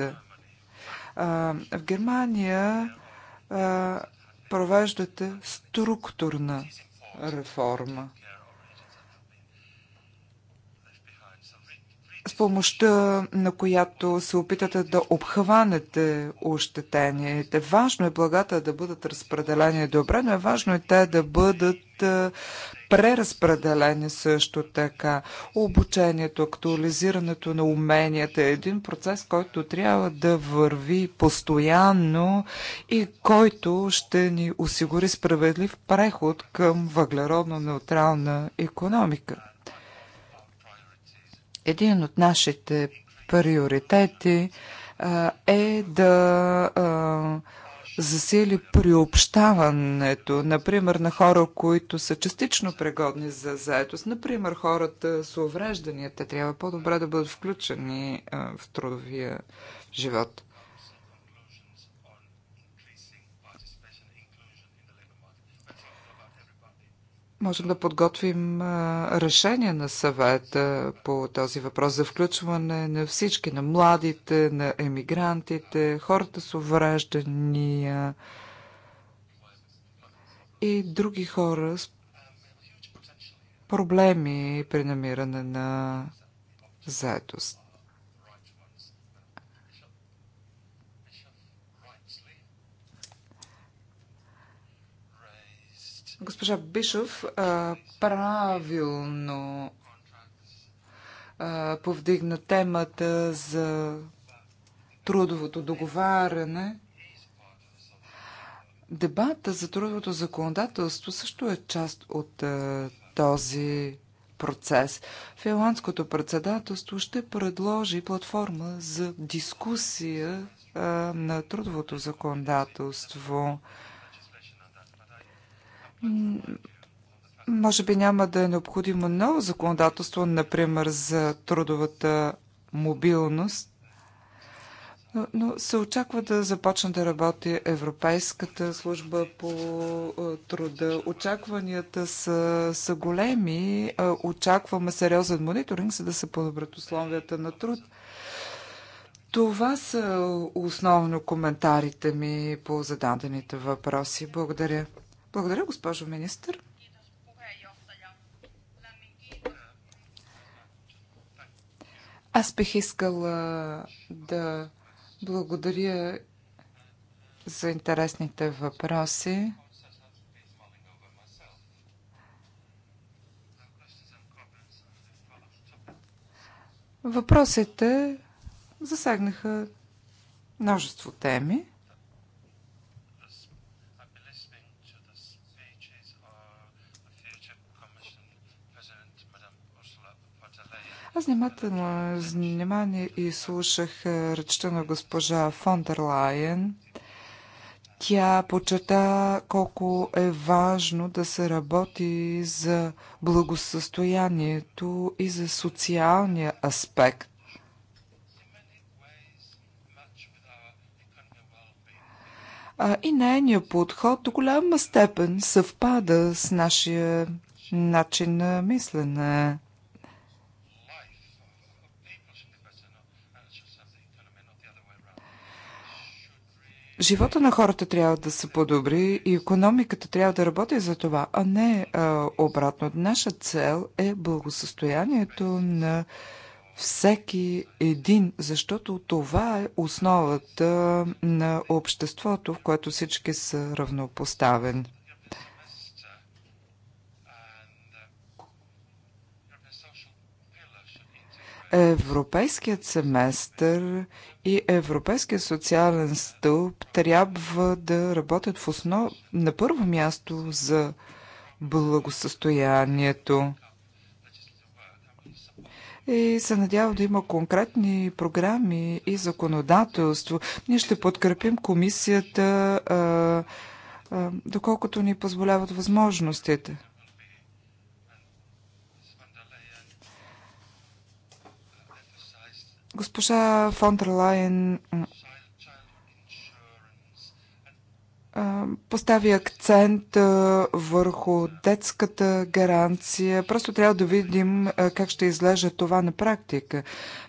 в Германия провеждате структурна реформа. с помощта на която се опитате да обхванете ощетените. Важно е благата да бъдат разпределени добре, но е важно и те да бъдат е, преразпределени също така. Обучението, актуализирането на уменията е един процес, който трябва да върви постоянно и който ще ни осигури справедлив преход към въглеродно-неутрална економика. Един от нашите приоритети е да засили приобщаването, например, на хора, които са частично пригодни за заетост, например, хората с уврежданията трябва по-добре да бъдат включени в трудовия живот. можем да подготвим решение на съвета по този въпрос за включване на всички, на младите, на емигрантите, хората с увреждания и други хора с проблеми при намиране на заедост. Госпожа Бишов правилно повдигна темата за трудовото договаряне. Дебата за трудовото законодателство също е част от този процес. Финландското председателство ще предложи платформа за дискусия на трудовото законодателство. Може би няма да е необходимо ново законодателство, например за трудовата мобилност, но, но се очаква да започне да работи Европейската служба по труда. Очакванията са, са големи. Очакваме сериозен мониторинг, за да се подобрят условията на труд. Това са основно коментарите ми по зададените въпроси. Благодаря. Благодаря, госпожо министр. Аз бих искала да благодаря за интересните въпроси. Въпросите засегнаха множество теми. Аз внимателно внимание и слушах е, речта на госпожа Фондер Лайен. Тя почета колко е важно да се работи за благосъстоянието и за социалния аспект. и нейният подход до голяма степен съвпада с нашия начин на мислене. Живота на хората трябва да се подобри и економиката трябва да работи за това, а не а, обратно. Наша цел е благосъстоянието на всеки един, защото това е основата на обществото, в което всички са равнопоставени. Европейският семестър и Европейският социален стълб трябва да работят в основ... на първо място за благосъстоянието. И се надявам да има конкретни програми и законодателство. Ние ще подкрепим комисията, а, а, доколкото ни позволяват възможностите. Госпожа Лайен постави акцент върху детската гаранция. Просто трябва да видим как ще излежа това на практика.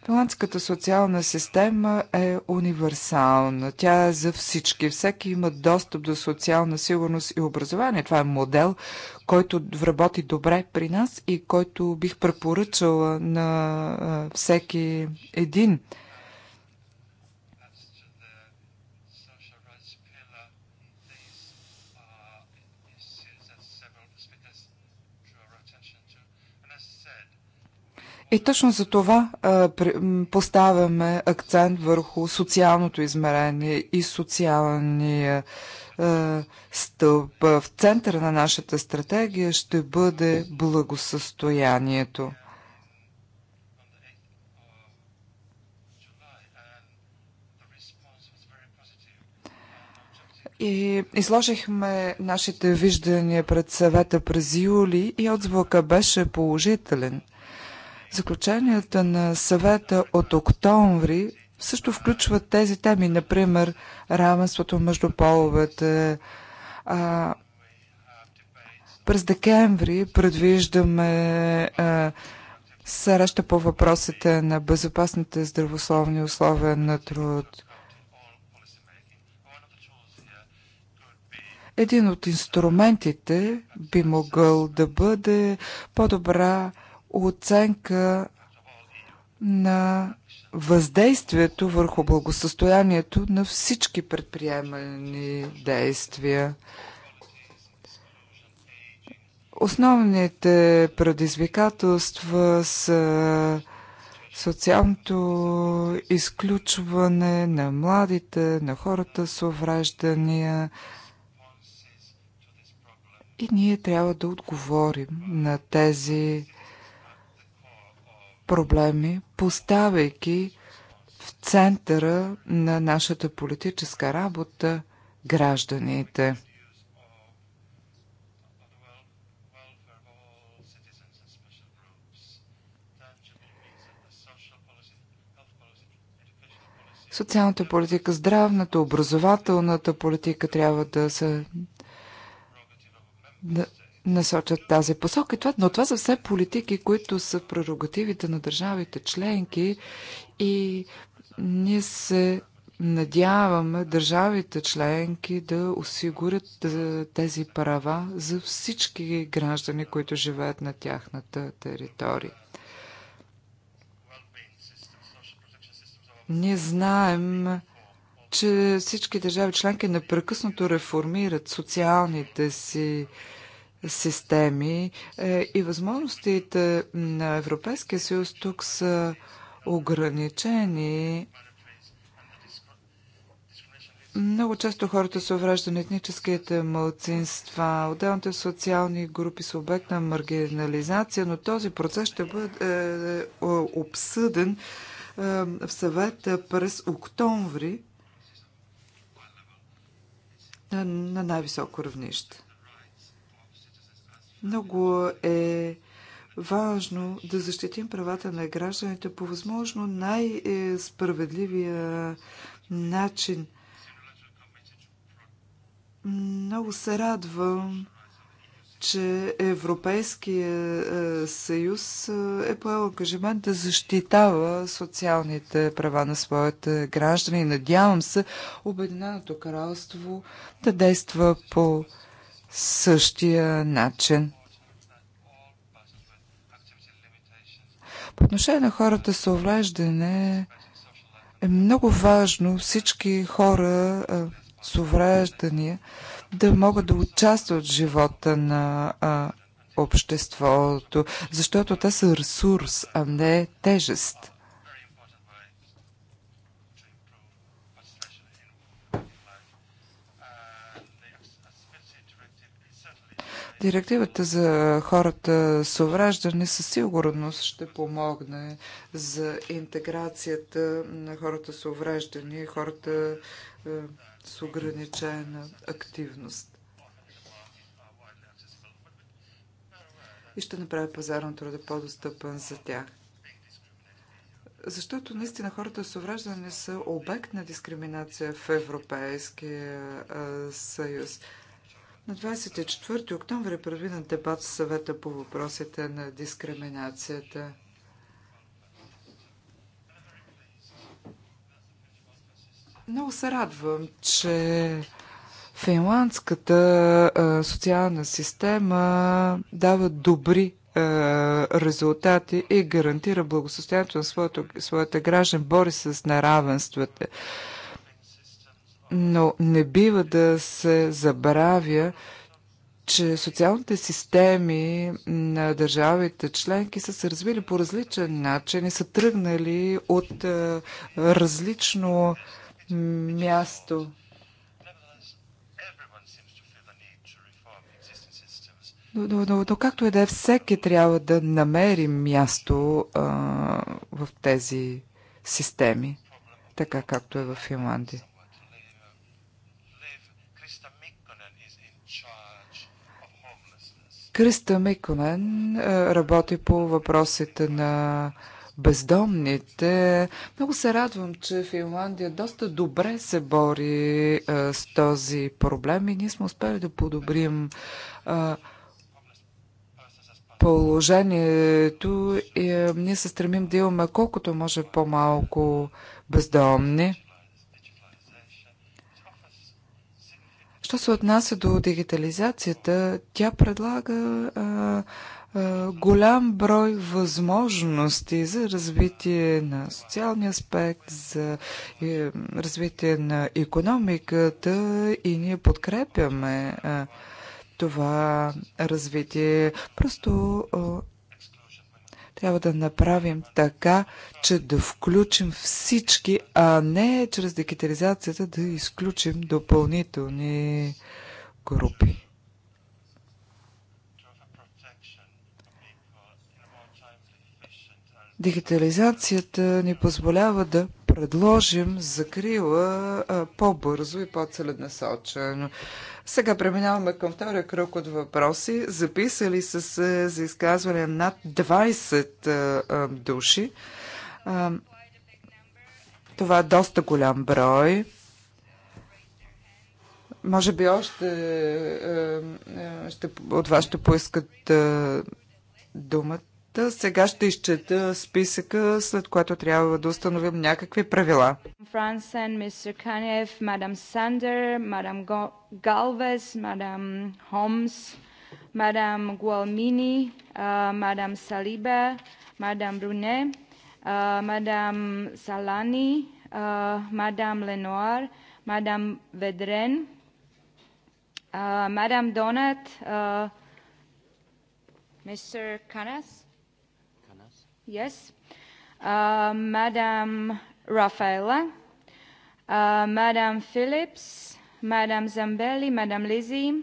Финландската социална система е универсална. Тя е за всички. Всеки има достъп до социална сигурност и образование. Това е модел, който работи добре при нас и който бих препоръчала на всеки един. И точно за това а, поставяме акцент върху социалното измерение и социалния а, стълб. В центъра на нашата стратегия ще бъде благосъстоянието. и изложихме нашите виждания пред съвета през юли и отзвука беше положителен. Заключенията на съвета от октомври също включват тези теми, например равенството между половете. А, през декември предвиждаме а, среща по въпросите на безопасните здравословни условия на труд. Един от инструментите би могъл да бъде по-добра оценка на въздействието върху благосъстоянието на всички предприемани действия. Основните предизвикателства са социалното изключване на младите, на хората с увреждания. И ние трябва да отговорим на тези проблеми, поставяйки в центъра на нашата политическа работа гражданите. социалната политика, здравната, образователната политика трябва да са да, насочат тази посока. но това са все политики, които са прерогативите на държавите членки и ние се надяваме държавите членки да осигурят тези права за всички граждани, които живеят на тяхната територия. Ние знаем, че всички държави членки непрекъснато реформират социалните си системи е, и възможностите на Европейския съюз тук са ограничени. Много често хората се увреждане, етническите мълцинства, отделните социални групи са обект на маргинализация, но този процес ще бъде е, е обсъден е, в съвета през октомври на, е, на най-високо равнище. Много е важно да защитим правата на гражданите по възможно най-справедливия начин. Много се радвам, че Европейския е, съюз е, е поел ангажимент да защитава социалните права на своите граждани. Надявам се Обединеното кралство да действа по същия начин. По отношение на хората с увреждане е много важно всички хора с увреждания да могат да участват в живота на обществото, защото те са ресурс, а не тежест. Директивата за хората с увреждане със сигурност ще помогне за интеграцията на хората с увреждане и хората е, с ограничена активност. И ще направи пазарно труда по-достъпен за тях. Защото наистина хората с увреждане са обект на дискриминация в Европейския е, съюз. На 24 октомври е предвиден дебат с съвета по въпросите на дискриминацията. Много се радвам, че финландската а, социална система дава добри а, резултати и гарантира благосостоянието на своята граждан, бори с неравенствата но не бива да се забравя, че социалните системи на държавите членки са се развили по различен начин и са тръгнали от е, различно място. Но, но, но, но както и е да е, всеки трябва да намери място а, е, в тези системи, така както е в Финландия. Кръста Миконен е, работи по въпросите на бездомните. Много се радвам, че Финландия доста добре се бори е, с този проблем и ние сме успели да подобрим е, положението и ние се стремим да имаме колкото може по-малко бездомни. Що се отнася до дигитализацията, тя предлага а, а, голям брой възможности за развитие на социалния аспект, за и, е, развитие на економиката и ние подкрепяме а, това развитие. Просто трябва да направим така, че да включим всички, а не чрез дигитализацията да изключим допълнителни групи. Дигитализацията ни позволява да предложим закрила по-бързо и по-целенасочено. Сега преминаваме към втория кръг от въпроси. Записали са се за изказване над 20 души. Това е доста голям брой. Може би още ще, от вас ще поискат думата. Та сега ще изчета списъка, след което трябва да установим някакви правила. Франсен, мистер Канев, мадам Сандер, мадам Галвес, мадам Холмс, мадам Гуалмини, мадам Салиба, мадам Бруне, мадам Салани, мадам Ленуар, мадам Ведрен, мадам Донат, мистер Канес, Yes. Uh, Madam Raffaella, uh, Madam Phillips, Madam Zambelli, Madam Lizzie,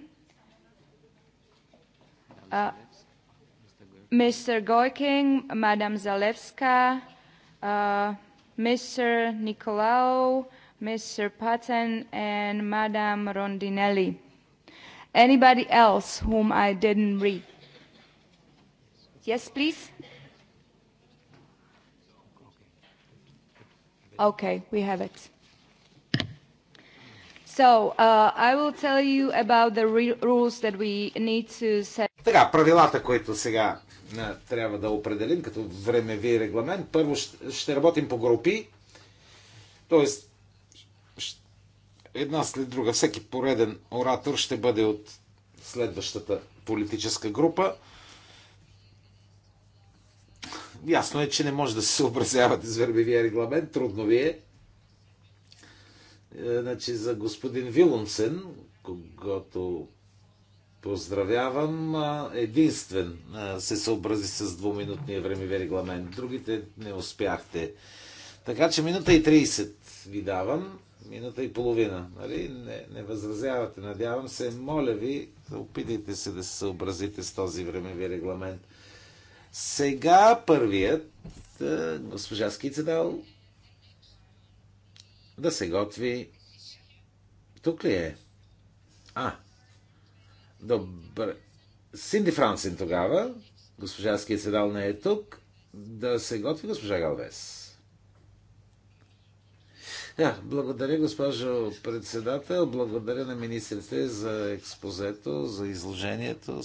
uh, Mr. Goiking, Madam Zalewska, uh, Mr. Nicolaou, Mr. Patton, and Madam Rondinelli. Anybody else whom I didn't read? Yes, please. Okay, we have it. So, uh, I will tell you about the rules that we need to set. Така, правилата, които сега трябва да определим като времеви регламент. Първо ще работим по групи, т.е. една след друга, всеки пореден оратор ще бъде от следващата политическа група. Ясно е, че не може да се съобразявате с вербевия регламент, трудно ви е. е значи за господин Вилунсен, когато поздравявам, единствен се съобрази с двуминутния времеви регламент. Другите не успяхте. Така че минута и 30 ви давам, минута и половина. Нали? Не, не възразявате, надявам се. Моля ви, опитайте се да се съобразите с този времеви регламент. Сега първият, госпожа Скицедал, да се готви. Тук ли е? А, добре. Синди Франсин тогава, госпожа Скицедал не е тук, да се готви госпожа Галвес. Да, благодаря, госпожо председател. Благодаря на министрите за експозето, за изложението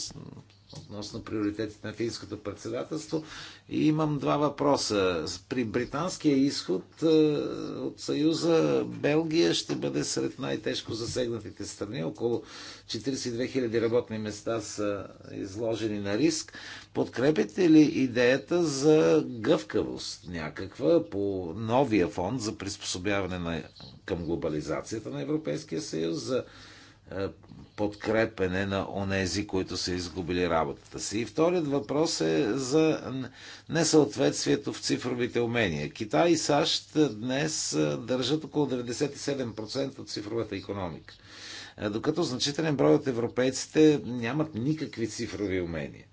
относно приоритетите на финското председателство. И имам два въпроса. При британския изход е, от Съюза Белгия ще бъде сред най-тежко засегнатите страни. Около 42 000 работни места са изложени на риск. Подкрепите ли идеята за гъвкавост някаква по новия фонд за приспособяване на, към глобализацията на Европейския съюз, за е, подкрепене на онези, които са изгубили работата си. И вторият въпрос е за несъответствието в цифровите умения. Китай и САЩ днес държат около 97% от цифровата економика. Докато значителен брой от европейците нямат никакви цифрови умения.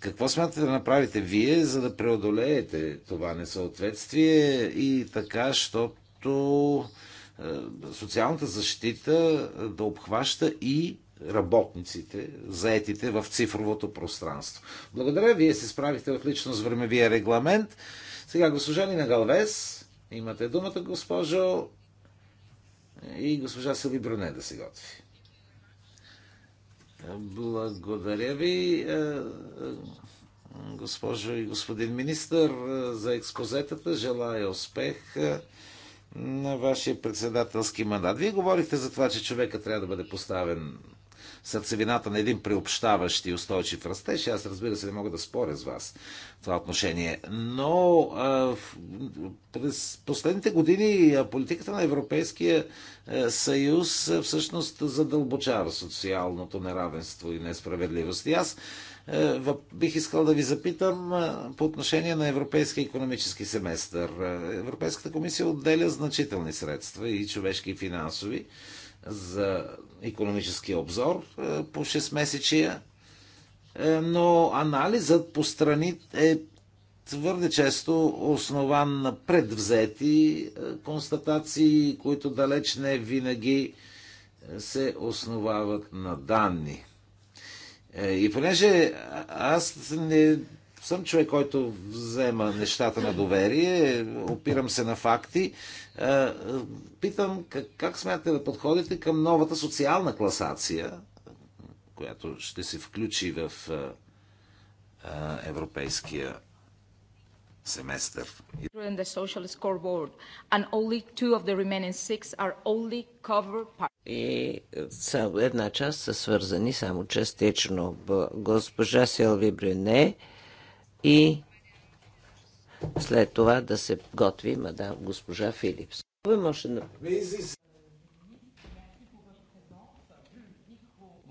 Какво смятате да направите вие, за да преодолеете това несъответствие и така, щото е, социалната защита е, да обхваща и работниците, заетите в цифровото пространство. Благодаря, вие се справихте в лично с времевия регламент. Сега госпожа Нина Галвес, имате думата, госпожо, и госпожа Сели Броне да се готви. Благодаря ви, е, госпожо и господин министър, за експозетата. Желая успех на вашия председателски мандат. Вие говорихте за това, че човека трябва да бъде поставен сърцевината на един приобщаващ и устойчив растеж. Аз разбира се не мога да споря с вас в това отношение. Но а, през последните години политиката на Европейския съюз всъщност задълбочава социалното неравенство и несправедливост. И аз е, бих искал да ви запитам е, по отношение на Европейския економически семестър. Е, Европейската комисия отделя значителни средства и човешки и финансови за економически обзор по 6 месечия, но анализът по страни е твърде често основан на предвзети констатации, които далеч не винаги се основават на данни. Е, и понеже аз не съм човек, който взема нещата на доверие, опирам се на факти, е, питам как, как смятате да подходите към новата социална класация, която ще се включи в е, европейския семестър. And only two of the remaining six are only cover part и една част са свързани само частично. Госпожа Силви Брюне и след това да се готви мадам госпожа Филипс. Може да...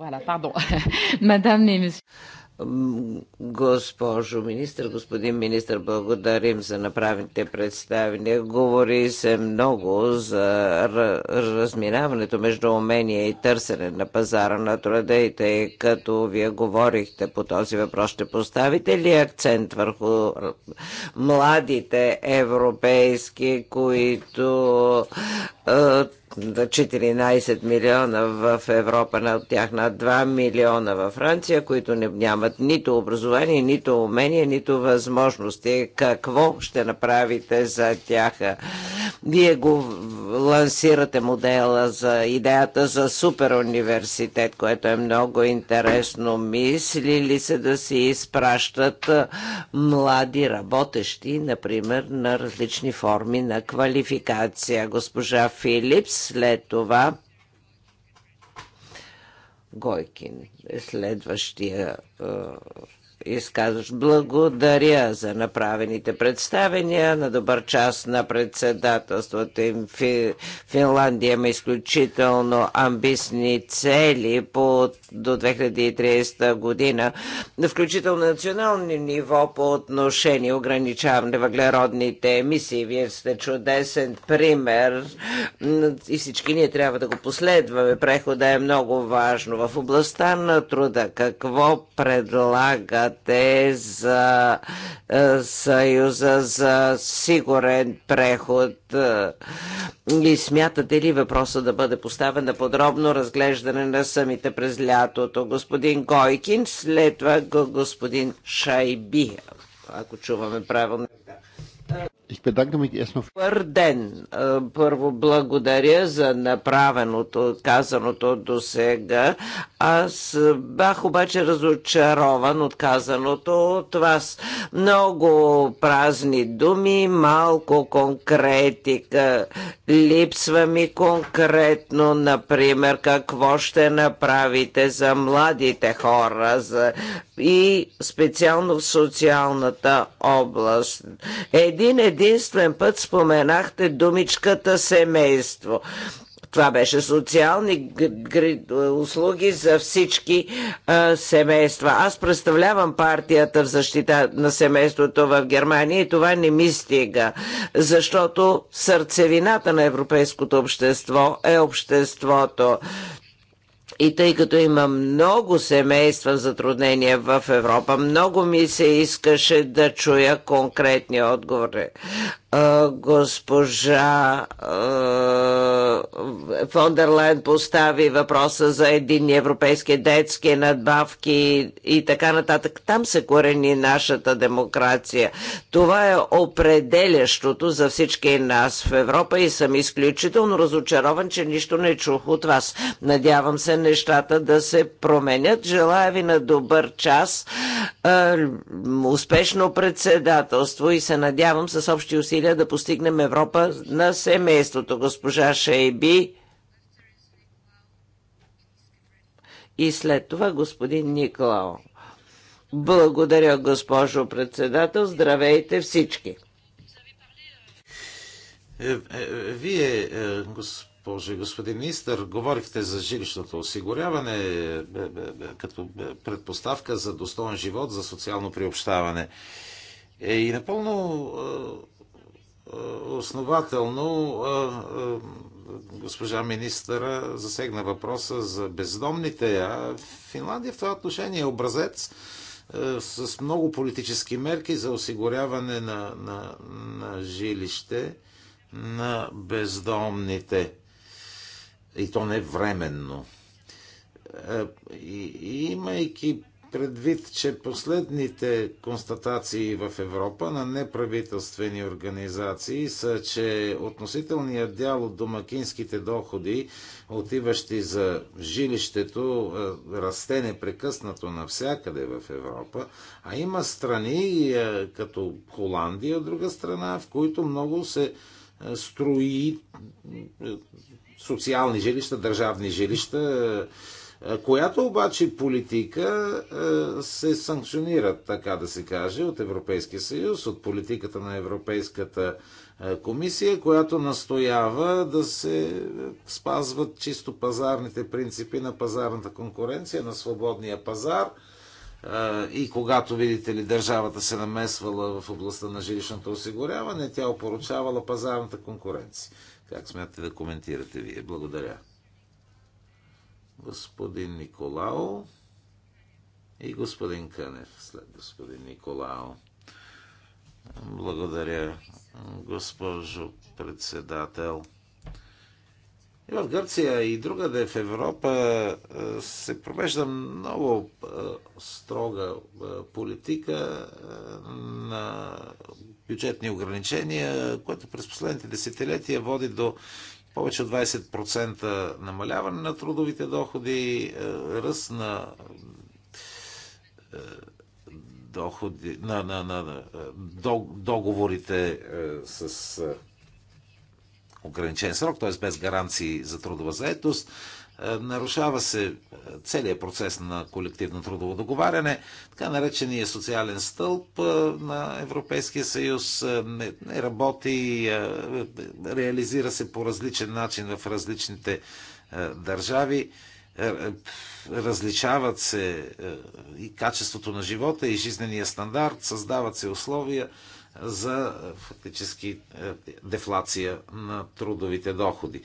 Voilà, pardon. Madame et Госпожо министр, господин министр, благодарим за направените представения. Говори се много за разминаването между умение и търсене на пазара на труда и тъй като вие говорихте по този въпрос, ще поставите ли акцент върху младите европейски, които 14 милиона в Европа, на тях на 2 милиона във Франция, които не, нямат нито образование, нито умение, нито възможности. Какво ще направите за тях? Вие го лансирате модела за идеята за супер университет, което е много интересно. Мисли ли се да си изпращат млади работещи, например, на различни форми на квалификация? Госпожа Филипс, след това Гойкин е следващия е, изказваш. Благодаря за направените представения. На добър час на председателството им Фи, Финландия има изключително амбисни цели по, до 2030 година, включително национални ниво по отношение ограничаване въглеродните емисии. Вие сте чудесен пример и всички ние трябва да го последваме. Прехода е много важно. В областта на труда какво предлагат те за е, Съюза за сигурен преход е, и смятате ли въпроса да бъде поставен на подробно разглеждане на самите през лятото? Господин Гойкин, след това господин Шайби, ако чуваме правилно. Добър ден! Е, първо благодаря за направеното, казаното до сега. Аз бях обаче разочарован от казаното от вас. Много празни думи, малко конкретика. Липсва ми конкретно, например, какво ще направите за младите хора за... и специално в социалната област. Един един единствен път споменахте думичката семейство. Това беше социални услуги за всички а, семейства. Аз представлявам партията в защита на семейството в Германия и това не ми стига, защото сърцевината на европейското общество е обществото. И тъй като има много семейства затруднения в Европа, много ми се искаше да чуя конкретни отговори госпожа Фондерлайн постави въпроса за един европейски детски надбавки и така нататък. Там се корени нашата демокрация. Това е определящото за всички нас в Европа и съм изключително разочарован, че нищо не чух от вас. Надявам се нещата да се променят. Желая ви на добър час успешно председателство и се надявам с общи усилия да постигнем Европа на семейството. Госпожа Шейби и след това господин Николао. Благодаря, госпожо председател. Здравейте всички! Е, е, е, вие, господин Боже, господин министър, говорихте за жилищното осигуряване е, е, е, като предпоставка за достоен живот, за социално приобщаване. и напълно основателно госпожа министъра засегна въпроса за бездомните, а Финландия в това отношение е образец с много политически мерки за осигуряване на, на, на жилище на бездомните и то не временно. Е, и, имайки предвид, че последните констатации в Европа на неправителствени организации са, че относителният дял от домакинските доходи, отиващи за жилището, е, расте непрекъснато навсякъде в Европа, а има страни е, като Холандия, от друга страна, в които много се строи социални жилища, държавни жилища, е, която обаче политика е, се санкционира, така да се каже, от Европейския съюз, от политиката на Европейската е, комисия, която настоява да се спазват чисто пазарните принципи на пазарната конкуренция, на свободния пазар. И когато, видите ли, държавата се намесвала в областта на жилищното осигуряване, тя опоручавала пазарната конкуренция. Как смятате да коментирате вие? Благодаря. Господин Николао и господин Кънев след господин Николао. Благодаря, госпожо председател. И в Гърция и другаде в Европа е, се провежда много е, строга е, политика на бюджетни ограничения, което през последните десетилетия води до повече от 20% намаляване на трудовите доходи, е, ръст на е, доходи, на, на, на, на договорите е, с ограничен срок, т.е. без гаранции за трудова заетост, е, нарушава се е, целият процес на колективно трудово договаряне. Така наречения социален стълб е, на Европейския съюз не, не работи, реализира се по различен начин в различните държави. Различават се и качеството на живота, и жизнения стандарт, създават се условия за фактически дефлация на трудовите доходи.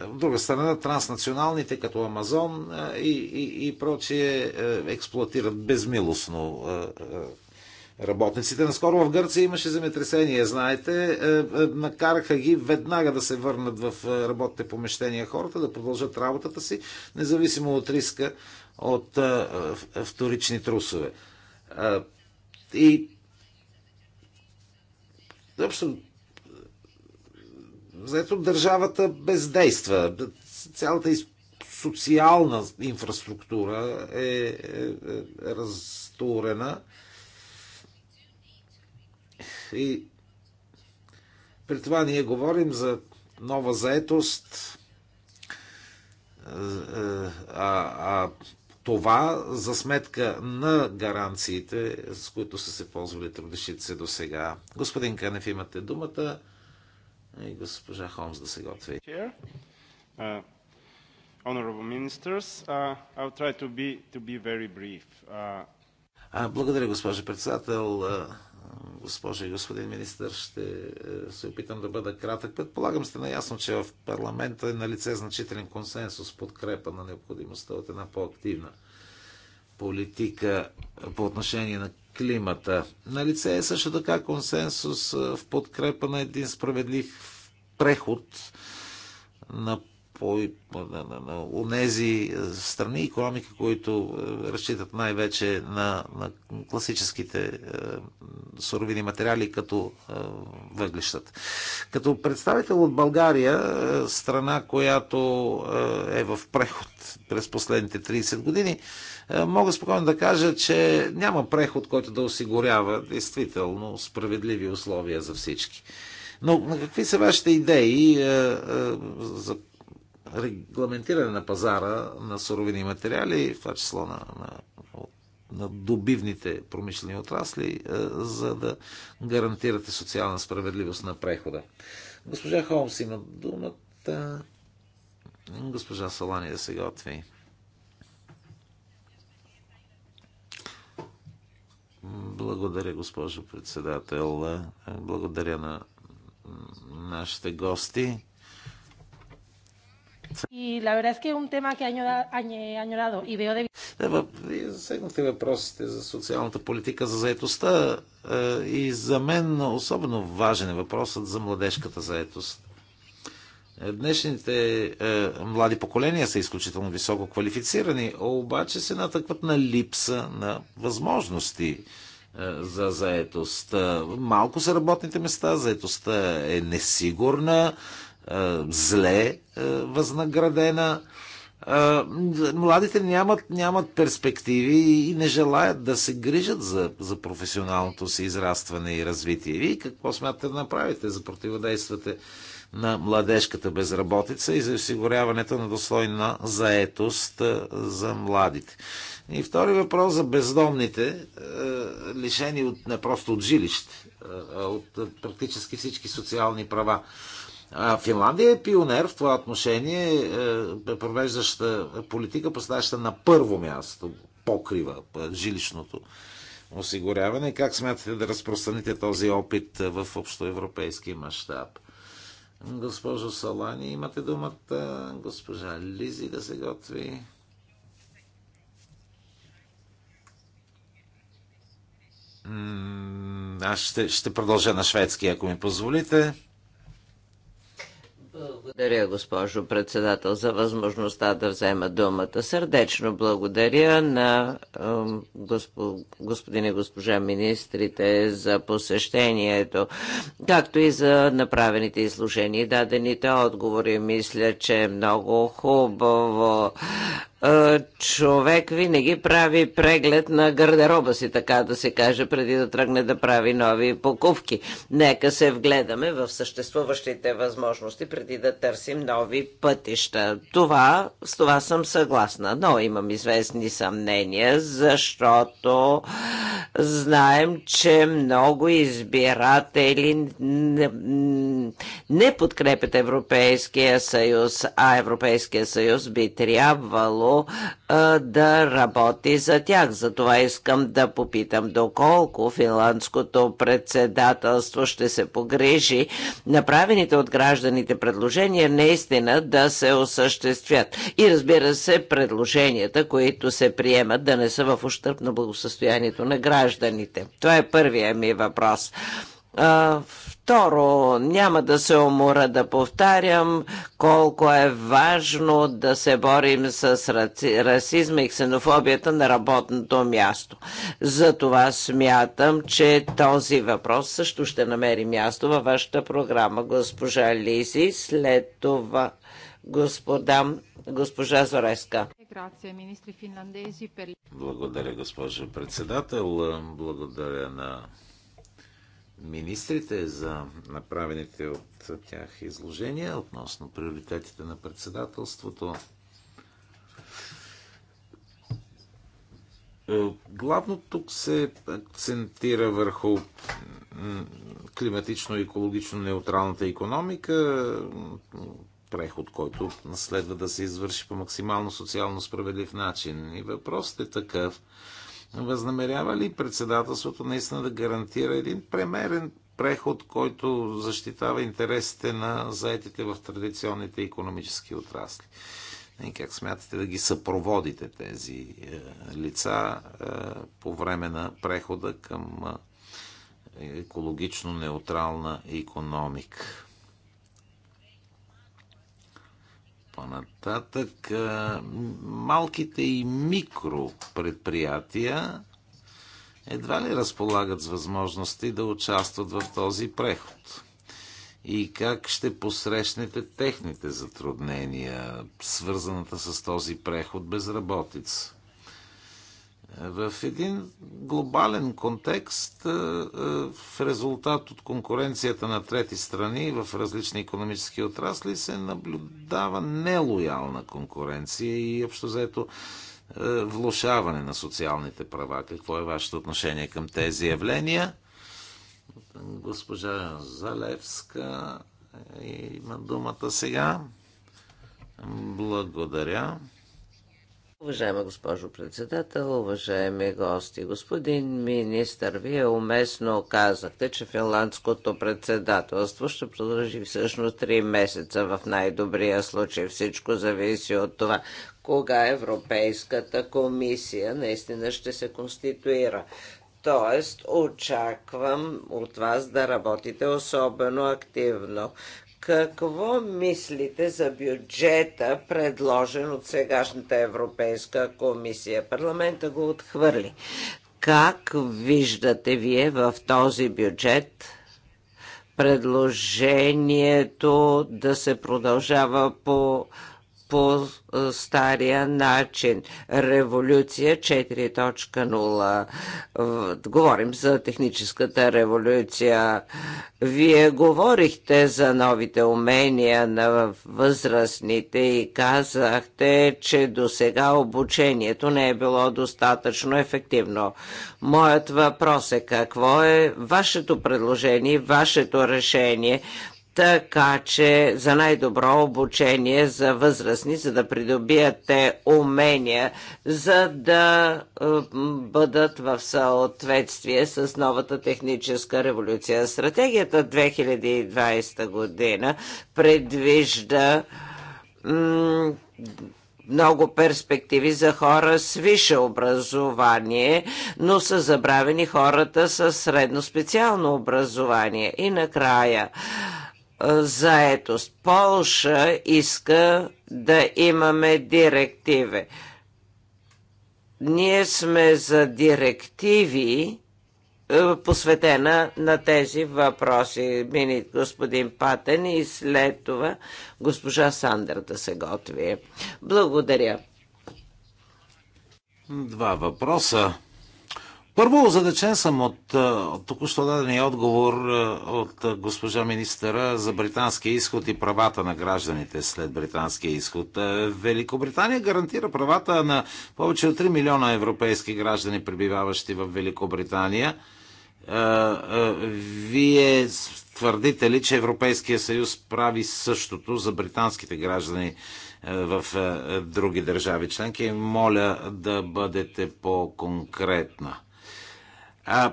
От друга страна, транснационалните, като Амазон е, и, и, и прочие, е, експлуатират безмилостно е, работниците. Наскоро в Гърция имаше земетресение, знаете. Накараха ги веднага да се върнат в работните помещения хората, да продължат работата си, независимо от риска от вторични трусове. И заето държавата бездейства. Цялата социална инфраструктура е, е, е разтурена. И при това ние говорим за нова заетост, е, а, а това за сметка на гаранциите, с които са се ползвали трудещите се до сега. Господин Канев, имате думата и госпожа Холмс да се готви. Uh, uh, uh, благодаря, госпожа председател. Госпожа и господин министър, ще се опитам да бъда кратък. Предполагам сте наясно, че в парламента е на лице значителен консенсус подкрепа на необходимостта от една по-активна политика по отношение на климата. Налице е също така консенсус в подкрепа на един справедлив преход на по на, е, страни и економики, които е, разчитат най-вече на, на класическите е, суровини материали, като въглищат? въглищата. Като представител от България, страна, която е, в преход през последните 30 години, мога спокойно да кажа, че няма преход, който да осигурява действително справедливи условия за всички. Но какви са вашите идеи за регламентиране на пазара на суровини и материали, в това число на, на, на добивните промишлени отрасли, е, за да гарантирате социална справедливост на прехода. Госпожа Холмс има думата. Госпожа Салани да се готви. Благодаря, госпожо председател. Благодаря на нашите гости. И la verdad es que un tema que añorado y veo de... Вие засегнахте въпросите за социалната политика, за заетостта е, и за мен особено важен е въпросът за младежката заетост. Е, днешните е, млади поколения са изключително високо квалифицирани, обаче се натъкват на липса на възможности е, за заетост. Малко са работните места, заетостта е несигурна, зле възнаградена. Младите нямат, нямат перспективи и не желаят да се грижат за, за професионалното си израстване и развитие. Вие какво смятате да направите за противодействате на младежката безработица и за осигуряването на достойна заетост за младите? И втори въпрос за бездомните, лишени от, не просто от жилище, а от практически всички социални права. Финландия е пионер в това отношение, е, провеждаща политика, поставяща на първо място покрива е, жилищното осигуряване. Как смятате да разпространите този опит е, в общоевропейски мащаб? Госпожо Салани, имате думата. Госпожа Лизи да се готви. Аз ще, ще продължа на шведски, ако ми позволите. Благодаря, госпожо председател, за възможността да взема думата. Сърдечно благодаря на господин и госпожа министрите за посещението, както и за направените изложения и дадените отговори. Мисля, че е много хубаво човек винаги прави преглед на гардероба си, така да се каже, преди да тръгне да прави нови покупки. Нека се вгледаме в съществуващите възможности, преди да търсим нови пътища. Това, с това съм съгласна, но имам известни съмнения, защото знаем, че много избиратели не, не подкрепят Европейския съюз, а Европейския съюз би трябвало право а, да работи за тях. Затова искам да попитам доколко финландското председателство ще се погрежи направените от гражданите предложения наистина да се осъществят. И разбира се, предложенията, които се приемат да не са в ущърп на благосъстоянието на гражданите. Това е първия ми въпрос. А, Второ, няма да се умора да повтарям колко е важно да се борим с расизма и ксенофобията на работното място. Затова смятам, че този въпрос също ще намери място във вашата програма, госпожа Лизи. След това господа, госпожа Зореска. Благодаря, госпожо председател. Благодаря на министрите за направените от тях изложения относно приоритетите на председателството. Е, главно тук се акцентира върху климатично-екологично неутралната економика, преход, който следва да се извърши по максимално социално справедлив начин. И въпросът е такъв – Възнамерява ли председателството наистина да гарантира един премерен преход, който защитава интересите на заетите в традиционните економически отрасли? И как смятате да ги съпроводите тези е, лица е, по време на прехода към е, екологично неутрална економика? По-нататък малките и микропредприятия едва ли разполагат с възможности да участват в този преход? И как ще посрещнете техните затруднения, свързаната с този преход безработица? в един глобален контекст е, е, в резултат от конкуренцията на трети страни в различни економически отрасли се наблюдава нелоялна конкуренция и общо заето е, влушаване на социалните права. Какво е вашето отношение към тези явления? Госпожа Залевска има думата сега. Благодаря. Уважаема госпожо председател, уважаеми гости, господин министър, вие уместно казахте, че финландското председателство ще продължи всъщност 3 месеца в най-добрия случай. Всичко зависи от това кога Европейската комисия наистина ще се конституира. Тоест, очаквам от вас да работите особено активно. Какво мислите за бюджета, предложен от сегашната Европейска комисия? Парламента го отхвърли. Как виждате вие в този бюджет предложението да се продължава по по е, стария начин. Революция 4.0. Говорим за техническата революция. Вие говорихте за новите умения на възрастните и казахте, че до сега обучението не е било достатъчно ефективно. Моят въпрос е какво е вашето предложение, вашето решение така че за най-добро обучение за възрастни, за да придобияте умения, за да е, бъдат в съответствие с новата техническа революция. Стратегията 2020 година предвижда много перспективи за хора с висше образование, но са забравени хората с средно специално образование. И накрая, заетост. Полша иска да имаме директиви. Ние сме за директиви, посветена на тези въпроси. Мини господин Патен и след това госпожа Сандър да се готви. Благодаря. Два въпроса. Първо, озадачен съм от, от току-що дадения отговор от госпожа министъра за британския изход и правата на гражданите след британския изход. Великобритания гарантира правата на повече от 3 милиона европейски граждани, пребиваващи в Великобритания. Вие твърдите ли, че Европейския съюз прави същото за британските граждани в други държави членки? Моля да бъдете по-конкретна. А,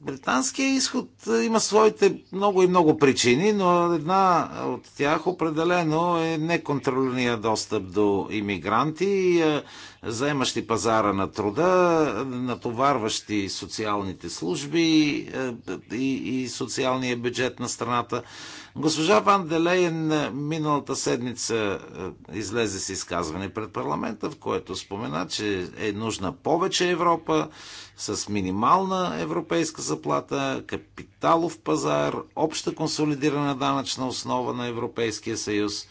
британския изход има своите много и много причини, но една от тях определено е неконтролирания достъп до иммигранти, заемащи пазара на труда, натоварващи социалните служби и, и социалния бюджет на страната. Госпожа Ван Делейен миналата седмица излезе с изказване пред парламента, в което спомена, че е нужна повече Европа, с минимална европейска заплата, капиталов пазар, обща консолидирана данъчна основа на Европейския съюз.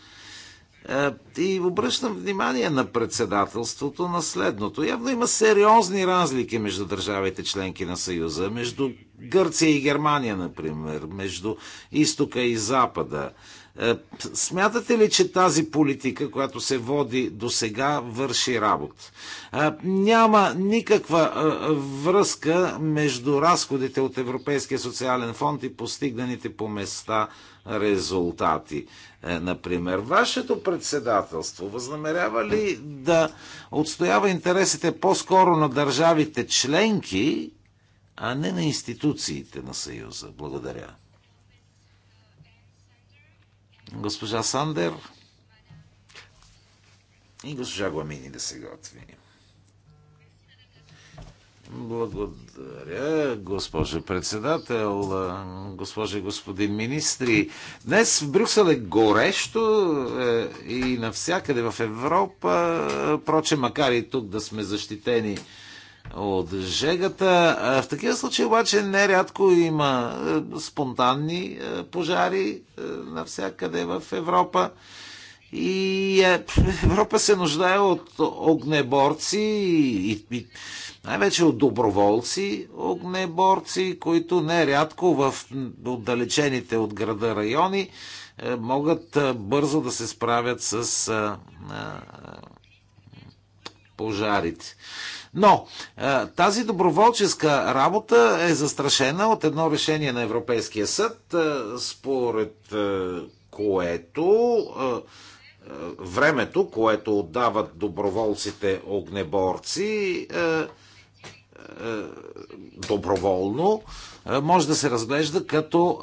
Е, и обръщам внимание на председателството на следното. Явно има сериозни разлики между държавите членки на Съюза, между Гърция и Германия, например, между изтока и запада. Е, смятате ли, че тази политика, която се води до сега, върши работа? Е, няма никаква е, връзка между разходите от Европейския социален фонд и постигнаните по места резултати. Например, вашето председателство възнамерява ли да отстоява интересите по-скоро на държавите членки, а не на институциите на Съюза? Благодаря госпожа Сандер и госпожа Гламини да се готви. Благодаря, госпожо председател, госпожи и господин министри. Днес в Брюксел е горещо е, и навсякъде в Европа, проче, макар и тук да сме защитени от жегата. В такива случаи обаче нерядко има е, спонтанни е, пожари е, навсякъде в Европа. И Европа се нуждае от огнеборци и, и най-вече от доброволци огнеборци, които нерядко в отдалечените от града райони могат бързо да се справят с пожарите. Но е, тази доброволческа работа е застрашена от едно решение на Европейския съд, е, според е, което времето, което отдават доброволците огнеборци, доброволно, може да се разглежда като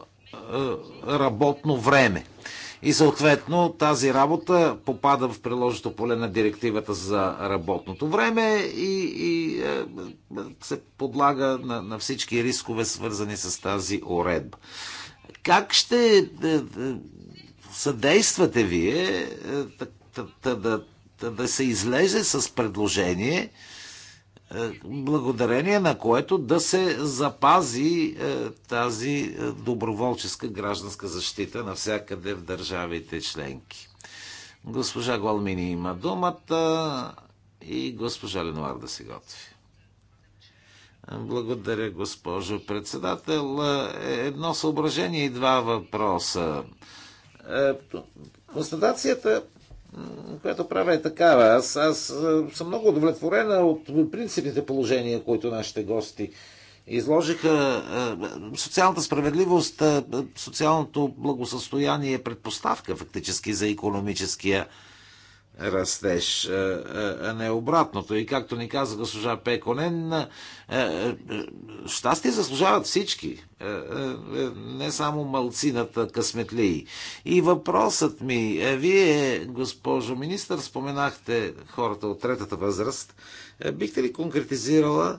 работно време. И съответно тази работа попада в приложното поле на директивата за работното време и, и е, се подлага на, на всички рискове, свързани с тази уредба. Как ще да, е, да, е, съдействате вие е, да, да, да, да се излезе с предложение, е, благодарение на което да се запази е, тази е, доброволческа гражданска защита навсякъде в държавите членки. Госпожа Голмини има думата и госпожа Ленуар да се готви. Благодаря, госпожо председател. Едно съображение и два въпроса. Констатацията която правя е такава. Аз, аз е, съм много удовлетворена от принципните положения, които нашите гости изложиха. Е, социалната справедливост, е, социалното благосъстояние е предпоставка фактически за економическия растеж, а не обратното. И както ни каза госпожа Пеконен, щастие заслужават всички, не само малцината късметлии. И въпросът ми, вие, госпожо министър, споменахте хората от третата възраст, бихте ли конкретизирала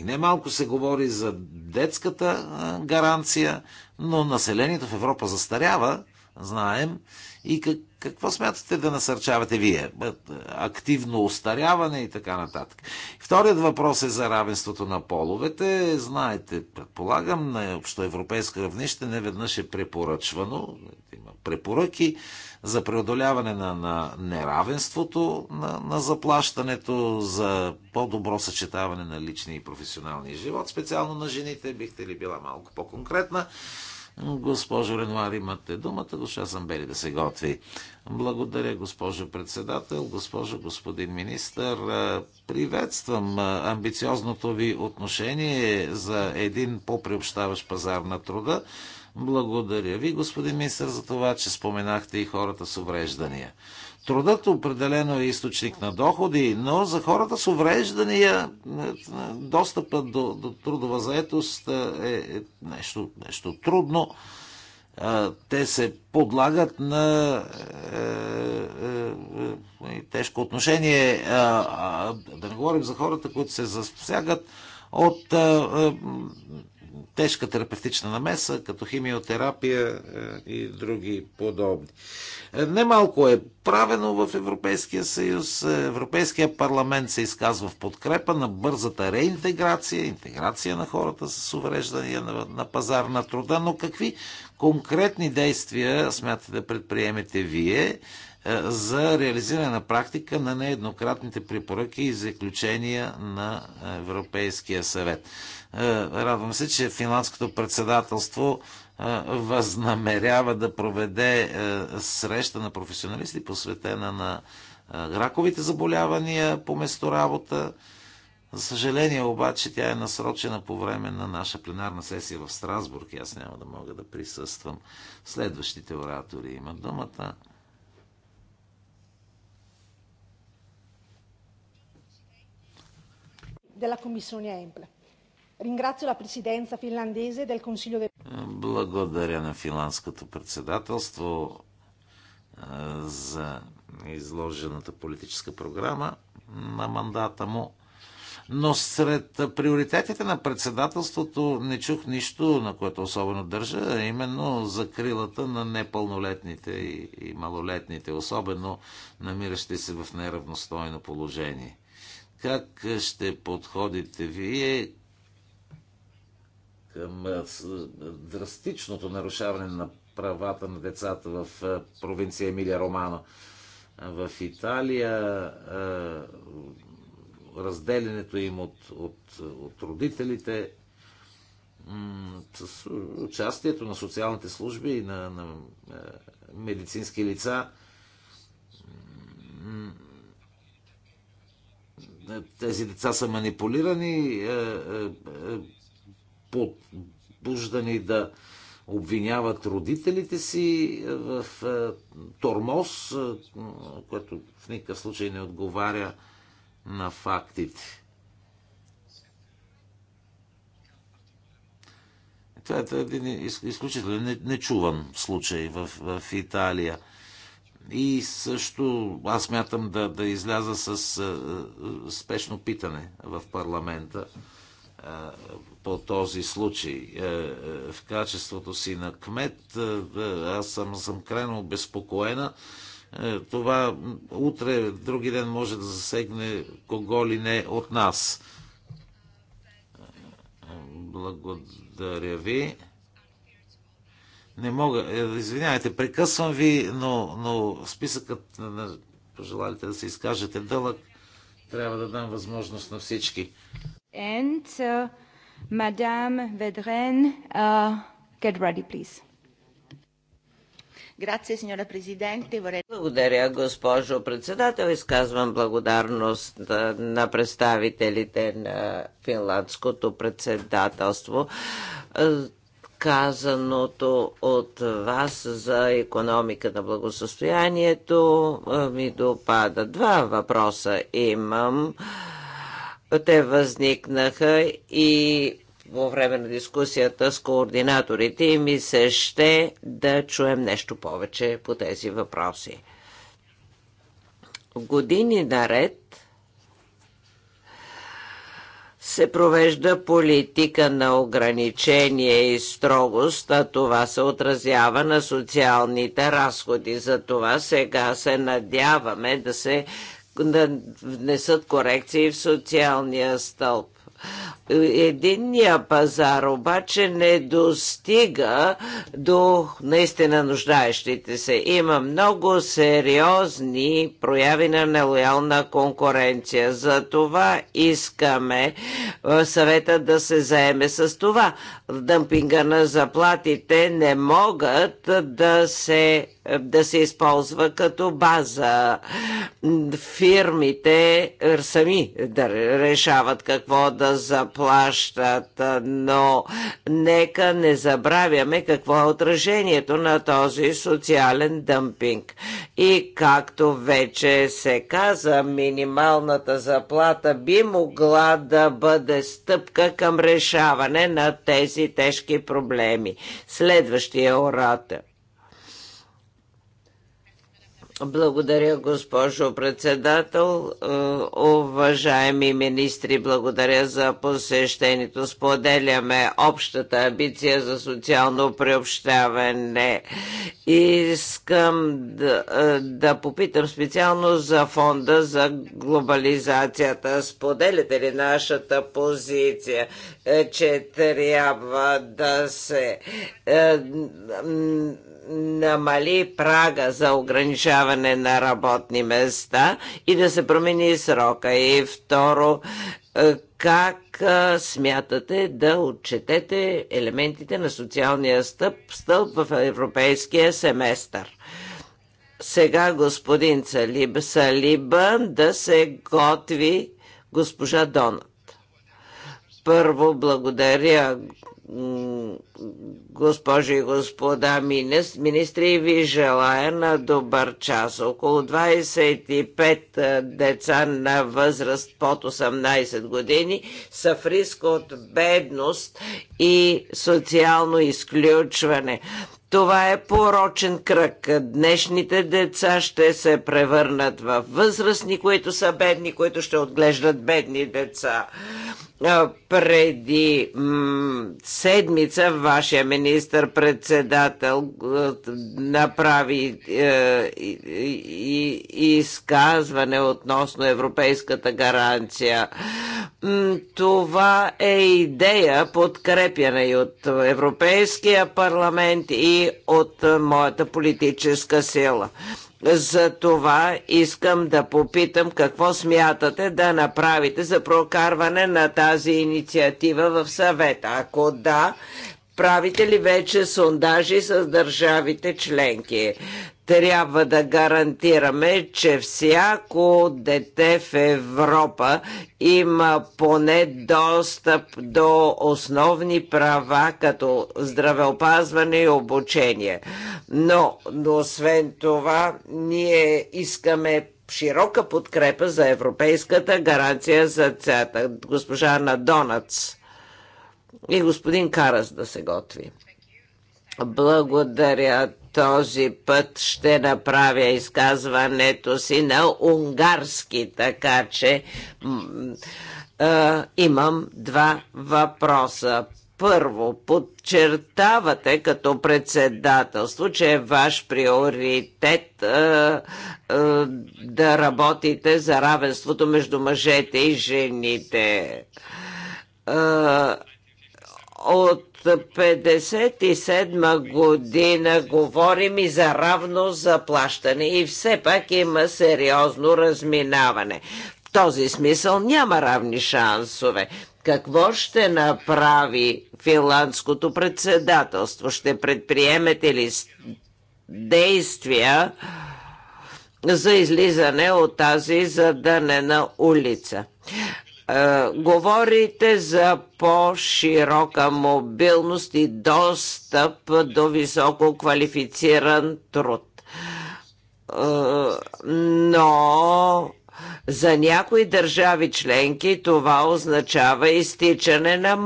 и не малко се говори за детската гаранция, но населението в Европа застарява, знаем, и как, какво смятате да насърчавате вие? Активно остаряване и така нататък. Вторият въпрос е за равенството на половете. Знаете, предполагам, на общоевропейско равнище не веднъж е препоръчвано, има препоръки за преодоляване на, на неравенството на, на заплащането, за по-добро съчетаване на личния и професионалния живот, специално на жените. Бихте ли била малко по-конкретна? Госпожо Ренуар, имате думата. съм бели да се готви. Благодаря, госпожо председател, госпожо господин министър. Приветствам амбициозното ви отношение за един по-приобщаващ пазар на труда. Благодаря ви, господин министър, за това, че споменахте и хората с увреждания. Трудът определено е източник на доходи, но за хората с увреждания е, достъпът до, до трудова заетост е, е нещо, нещо трудно. Е, те се подлагат на е, е, е, тежко отношение. Е, да не говорим за хората, които се засягат от е, е, тежка терапевтична намеса, като химиотерапия е, и други подобни. Е, немалко е правено в Европейския съюз. Е, Европейския парламент се изказва в подкрепа на бързата реинтеграция, интеграция на хората с увреждания на, на пазар на труда, но какви конкретни действия смятате да предприемете вие, е, за реализиране на практика на нееднократните препоръки и заключения на Европейския съвет. Е, радвам се, че финландското председателство е, възнамерява да проведе среща на професионалисти, посветена на раковите заболявания по месторабота. За съжаление обаче тя е насрочена по време на наша пленарна сесия в Страсбург аз няма да мога да присъствам. Следващите оратори имат думата. della Commissione EMPL. Ringrazio la presidenza finlandese del Consiglio del Благодаря на финландското председателство за изложената политическа програма на мандата му. Но сред приоритетите на председателството не чух нищо, на което особено държа, а именно закрилата на непълнолетните и малолетните, особено намиращи се в неравностойно положение. Как ще подходите вие към драстичното нарушаване на правата на децата в провинция Емилия Романа в Италия, разделянето им от, от, от родителите, с участието на социалните служби и на, на медицински лица тези деца са манипулирани, е, е, е, подбуждани да обвиняват родителите си в тормоз, което в никакъв случай не отговаря на фактите. Това е един изключително нечуван случай в, в Италия – и също аз мятам да, да изляза с а, е, е, спешно питане в парламента а, е, по този случай. А, в качеството си на кмет аз съм, съм крайно обезпокоена. Това утре, други ден може да засегне кого ли не от нас. Благодаря ви. Не мога. Е, извинявайте, прекъсвам ви, но, но списъкът на пожелалите да се изкажете дълъг. Трябва да дам възможност на всички. And, uh, Madame Vedren, uh, get ready, please. Благодаря, госпожо председател. Изказвам благодарност на представителите на финландското председателство казаното от вас за економика на благосостоянието ми допада. Два въпроса имам. Те възникнаха и по време на дискусията с координаторите ми се ще да чуем нещо повече по тези въпроси. Години наред се провежда политика на ограничение и строгост, а това се отразява на социалните разходи. За това сега се надяваме да се да внесат корекции в социалния стълб. Единният пазар обаче не достига до наистина нуждаещите се. Има много сериозни прояви на нелоялна конкуренция. За това искаме съвета да се заеме с това. Дъмпинга на заплатите не могат да се да се използва като база. Фирмите сами да решават какво да заплащат, но нека не забравяме какво е отражението на този социален дъмпинг. И както вече се каза, минималната заплата би могла да бъде стъпка към решаване на тези тежки проблеми. Следващия оратор. Благодаря, госпожо председател. Е, уважаеми министри, благодаря за посещението. Споделяме общата амбиция за социално приобщаване. Искам да, е, да попитам специално за фонда за глобализацията. Споделяте ли нашата позиция, е, че трябва да се намали прага за ограничаване на работни места и да се промени срока. И второ, е, как е, смятате да отчетете елементите на социалния стъп, стълб в европейския семестър? Сега господин Салиб, Салиба да се готви госпожа Донат. Първо благодаря госпожи и господа министри, ви желая на добър час. Около 25 деца на възраст под 18 години са в риск от бедност и социално изключване. Това е порочен кръг. Днешните деца ще се превърнат в възрастни, които са бедни, които ще отглеждат бедни деца преди седмица вашия министр-председател направи е, изказване относно европейската гаранция. Това е идея, подкрепяна и от Европейския парламент и от моята политическа сила. За това искам да попитам какво смятате да направите за прокарване на тази инициатива в съвета. Ако да, правите ли вече сондажи с държавите членки? трябва да гарантираме, че всяко дете в Европа има поне достъп до основни права, като здравеопазване и обучение. Но, но освен това, ние искаме широка подкрепа за европейската гаранция за цята. Госпожа Надонац и господин Карас да се готви. Благодаря този път ще направя изказването си на унгарски, така че а, имам два въпроса. Първо, подчертавате като председателство, че е ваш приоритет а, а, да работите за равенството между мъжете и жените. А, от 57 година говорим и за равно заплащане и все пак има сериозно разминаване. В този смисъл няма равни шансове. Какво ще направи финландското председателство? Ще предприемете ли действия за излизане от тази задънена улица? Е, говорите за по-широка мобилност и достъп до високо квалифициран труд. Е, но за някои държави членки това означава изтичане на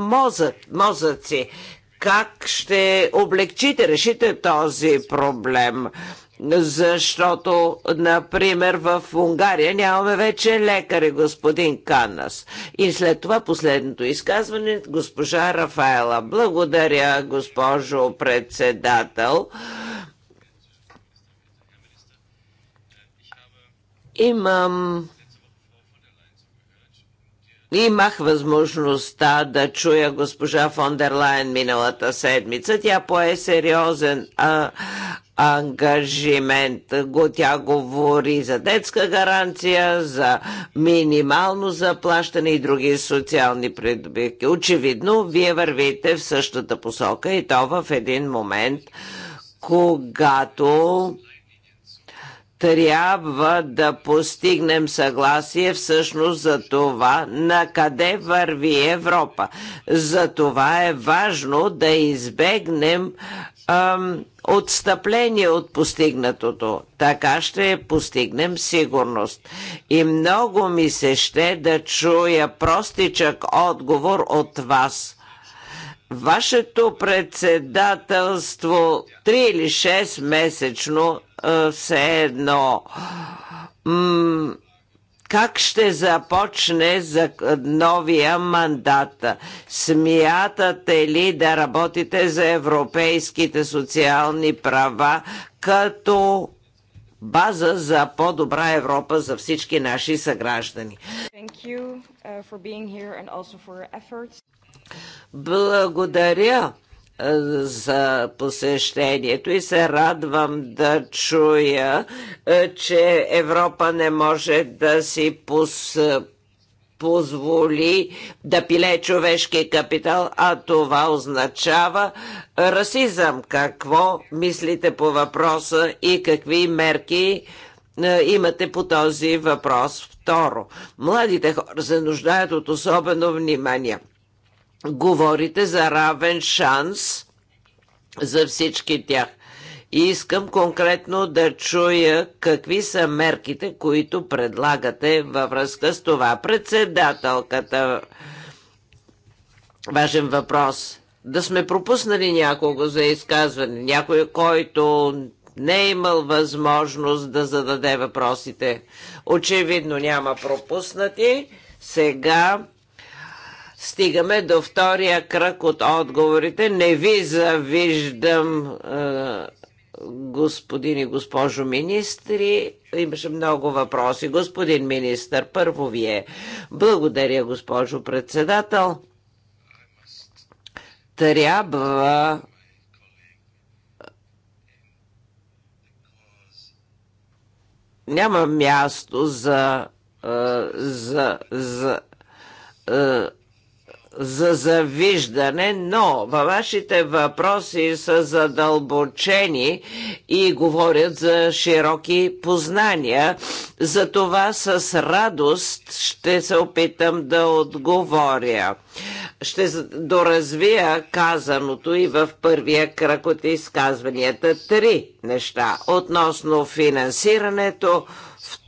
мозъци. Как ще облегчите, решите този проблем? защото, например, в Унгария нямаме вече лекари, господин Канас. И след това последното изказване, госпожа Рафаела. Благодаря, госпожо председател. Имам Имах възможността да чуя госпожа Фондерлайн миналата седмица. Тя пое сериозен а, ангажимент. Тя говори за детска гаранция, за минимално заплащане и други социални придобивки. Очевидно, вие вървите в същата посока и то в един момент, когато трябва да постигнем съгласие всъщност за това на къде върви Европа. За това е важно да избегнем ам, отстъпление от постигнатото. Така ще постигнем сигурност. И много ми се ще да чуя простичък отговор от вас. Вашето председателство 3 или 6 месечно е, все едно как ще започне за новия мандат? Смятате ли да работите за европейските социални права като база за по-добра Европа за всички наши съграждани? Благодаря за посещението и се радвам да чуя, е, че Европа не може да си пос... позволи да пиле човешки капитал, а това означава расизъм. Какво мислите по въпроса и какви мерки е, имате по този въпрос? Второ, младите хора се нуждаят от особено внимание – говорите за равен шанс за всички тях. И искам конкретно да чуя какви са мерките, които предлагате във връзка с това. Председателката, важен въпрос. Да сме пропуснали някого за изказване, някой, който не е имал възможност да зададе въпросите. Очевидно няма пропуснати. Сега Стигаме до втория кръг от отговорите. Не ви завиждам, е, господин и госпожо министри. Имаше много въпроси. Господин министр, първо вие. Благодаря, госпожо председател. Трябва няма място за, е, за, за, за е, за завиждане, но във вашите въпроси са задълбочени и говорят за широки познания. За това с радост ще се опитам да отговоря. Ще доразвия казаното и в първия кръг от изказванията три неща относно финансирането,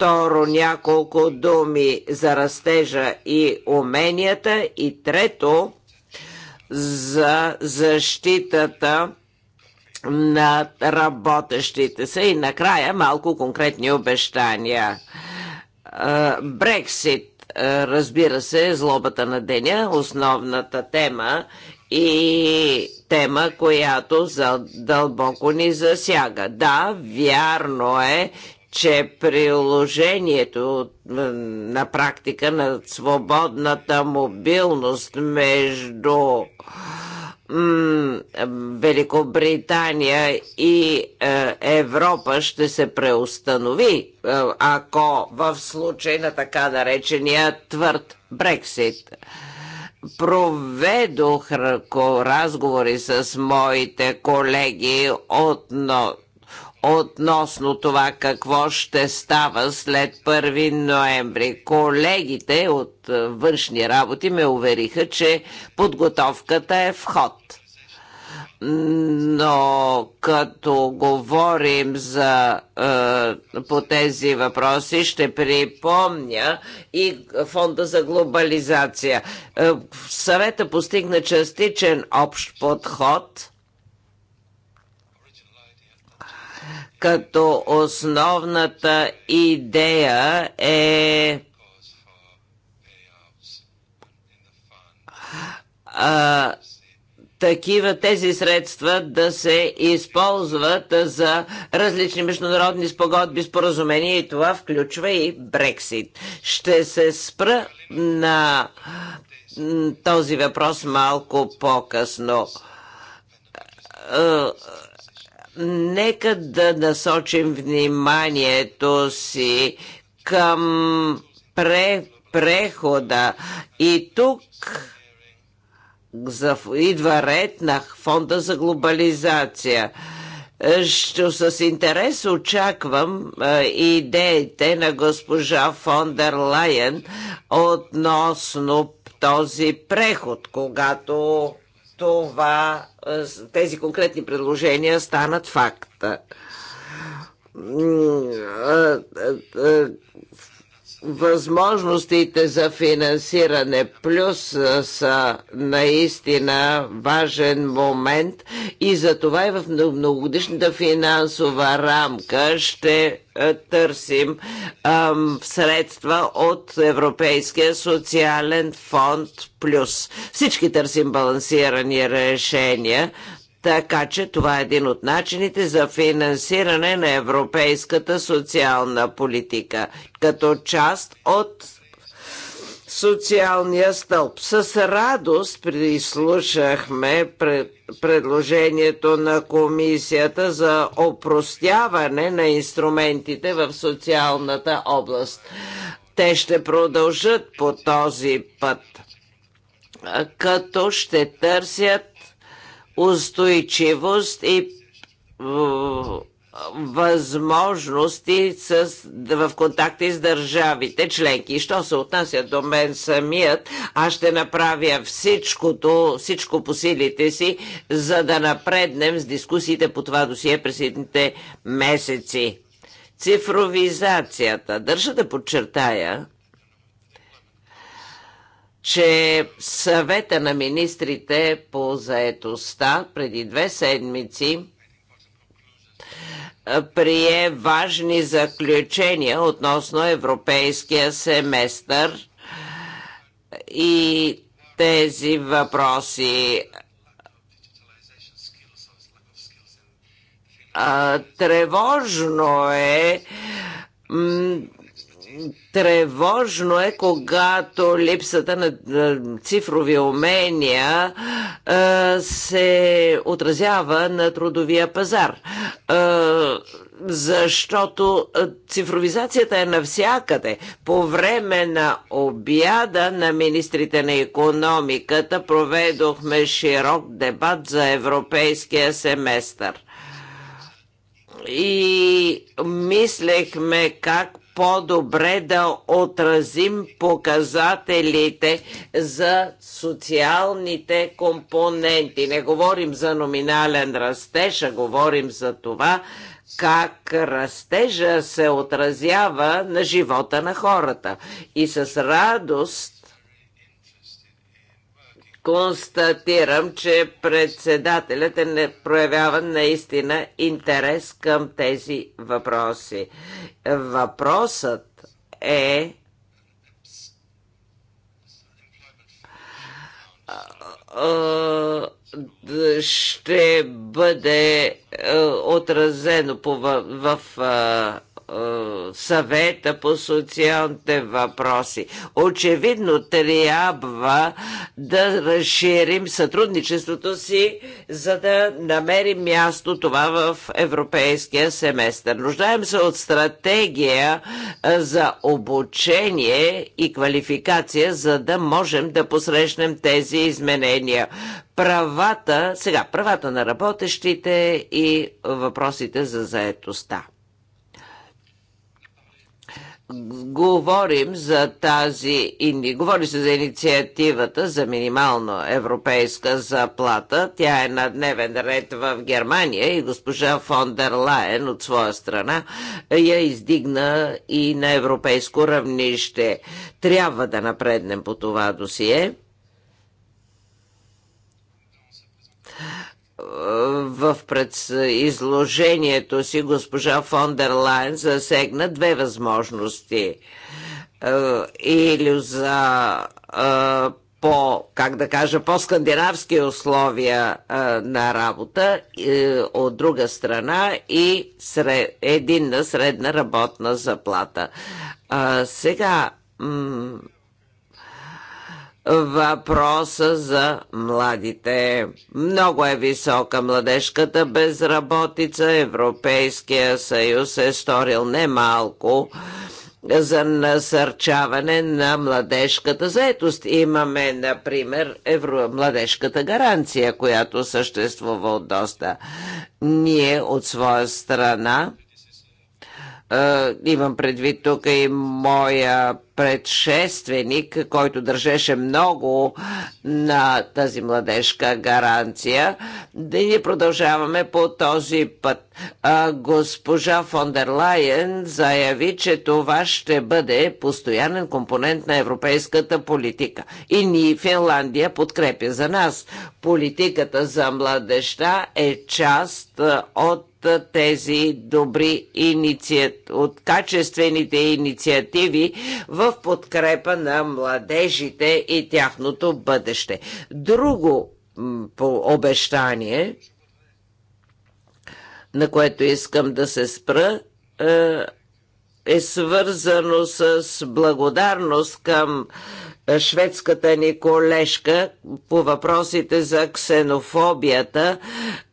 Второ, няколко думи за растежа и уменията. И трето, за защитата на работещите се. И накрая малко конкретни обещания. Брексит, разбира се, е злобата на деня, основната тема и тема, която дълбоко ни засяга. Да, вярно е, че приложението на практика на свободната мобилност между Великобритания и е, Европа ще се преустанови, е, ако в случай на така наречения твърд Брексит. Проведох разговори с моите колеги от относно това какво ще става след 1 ноември. Колегите от е, външни работи ме увериха, че подготовката е в ход. Но като говорим за, е, по тези въпроси, ще припомня и Фонда за глобализация. Е, съвета постигна частичен общ подход – като основната идея е а, такива тези средства да се използват за различни международни спогодби, споразумения и това включва и Брексит. Ще се спра на този въпрос малко по-късно Нека да насочим вниманието си към пре, прехода. И тук идва ред на фонда за глобализация. Що с интерес очаквам идеите на госпожа фон дер Лайен относно този преход, когато това, е, тези конкретни предложения станат факта възможностите за финансиране плюс са наистина важен момент и за това и в многогодишната финансова рамка ще търсим ам, средства от Европейския социален фонд плюс. Всички търсим балансирани решения, така че това е един от начините за финансиране на европейската социална политика като част от социалния стълб. С радост прислушахме предложението на комисията за опростяване на инструментите в социалната област. Те ще продължат по този път, като ще търсят устойчивост и възможности с, в контакти с държавите членки. И що се отнася до мен самият, аз ще направя всичкото, всичко по силите си, за да напреднем с дискусиите по това досие през едните месеци. Цифровизацията. Държа да подчертая, че съвета на министрите по заетостта преди две седмици прие важни заключения относно европейския семестър и тези въпроси тревожно е тревожно е, когато липсата на цифрови умения се отразява на трудовия пазар. Защото цифровизацията е навсякъде. По време на обяда на министрите на економиката проведохме широк дебат за европейския семестър и мислехме как по-добре да отразим показателите за социалните компоненти. Не говорим за номинален растеж, а говорим за това как растежа се отразява на живота на хората. И с радост констатирам, че председателят е не проявява наистина интерес към тези въпроси. Въпросът е ще бъде отразено в съвета по социалните въпроси. Очевидно трябва да разширим сътрудничеството си, за да намерим място това в европейския семестър. Нуждаем се от стратегия за обучение и квалификация, за да можем да посрещнем тези изменения правата, сега правата на работещите и въпросите за заетостта говорим за тази, говори се за инициативата за минимално европейска заплата. Тя е на дневен ред в Германия и госпожа фон дер Лайен от своя страна я издигна и на европейско равнище. Трябва да напреднем по това досие в пред изложението си госпожа фон дер Лайн засегна две възможности. Е, или за е, по, как да кажа, по-скандинавски условия а, е, на работа, и, от друга страна и сред, единна средна работна заплата. А, сега, въпроса за младите. Много е висока младежката безработица. Европейския съюз е сторил немалко за насърчаване на младежката заетост. Имаме, например, евро... младежката гаранция, която съществува от доста. Ние от своя страна, е, имам предвид тук и моя предшественик, който държеше много на тази младежка гаранция. Да ние продължаваме по този път. А, госпожа дер Лайен заяви, че това ще бъде постоянен компонент на европейската политика. И ни Финландия подкрепя за нас. Политиката за младеща е част от тези добри инициативи от качествените инициативи в в подкрепа на младежите и тяхното бъдеще. Друго по обещание, на което искам да се спра, е, е свързано с благодарност към е, шведската ни колежка по въпросите за ксенофобията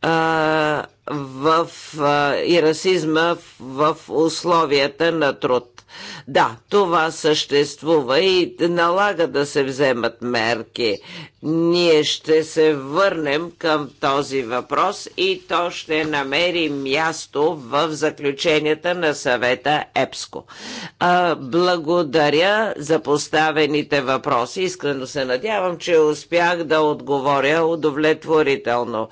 а, в, и расизма в условията на труд. Да, това съществува и налага да се вземат мерки. Ние ще се върнем към този въпрос и то ще намери място в заключенията на съвета ЕПСКО. А, благодаря за поставените въпроси. Искрено се надявам, че успях да отговоря удовлетворително.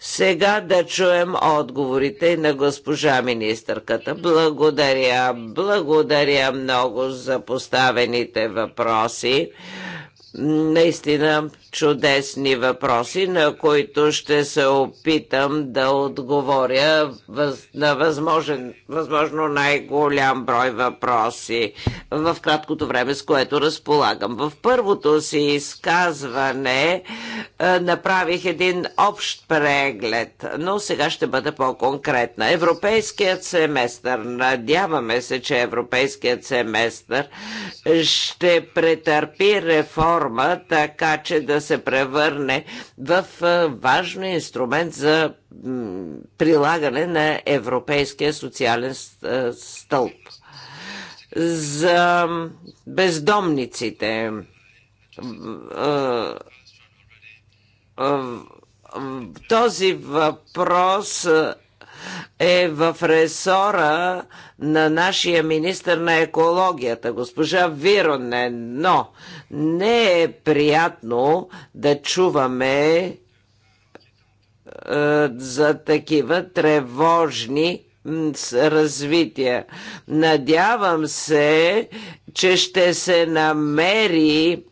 Сега да чуем отговорите на госпожа министърката. Благодаря, благодаря много за поставените въпроси. Наистина чудесни въпроси, на които ще се опитам да отговоря въз, на възможен, възможно най-голям брой въпроси в краткото време, с което разполагам. В първото си изказване е, направих един общ преглед, но сега ще бъда по-конкретна. Европейският семестър. Надяваме се, че Европейският семестър ще претърпи реформа, така че да се превърне в важен инструмент за прилагане на Европейския социален стълб. За бездомниците този въпрос е в ресора на нашия министр на екологията, госпожа Виронен, но не е приятно да чуваме е, за такива тревожни развития. Надявам се, че ще се намери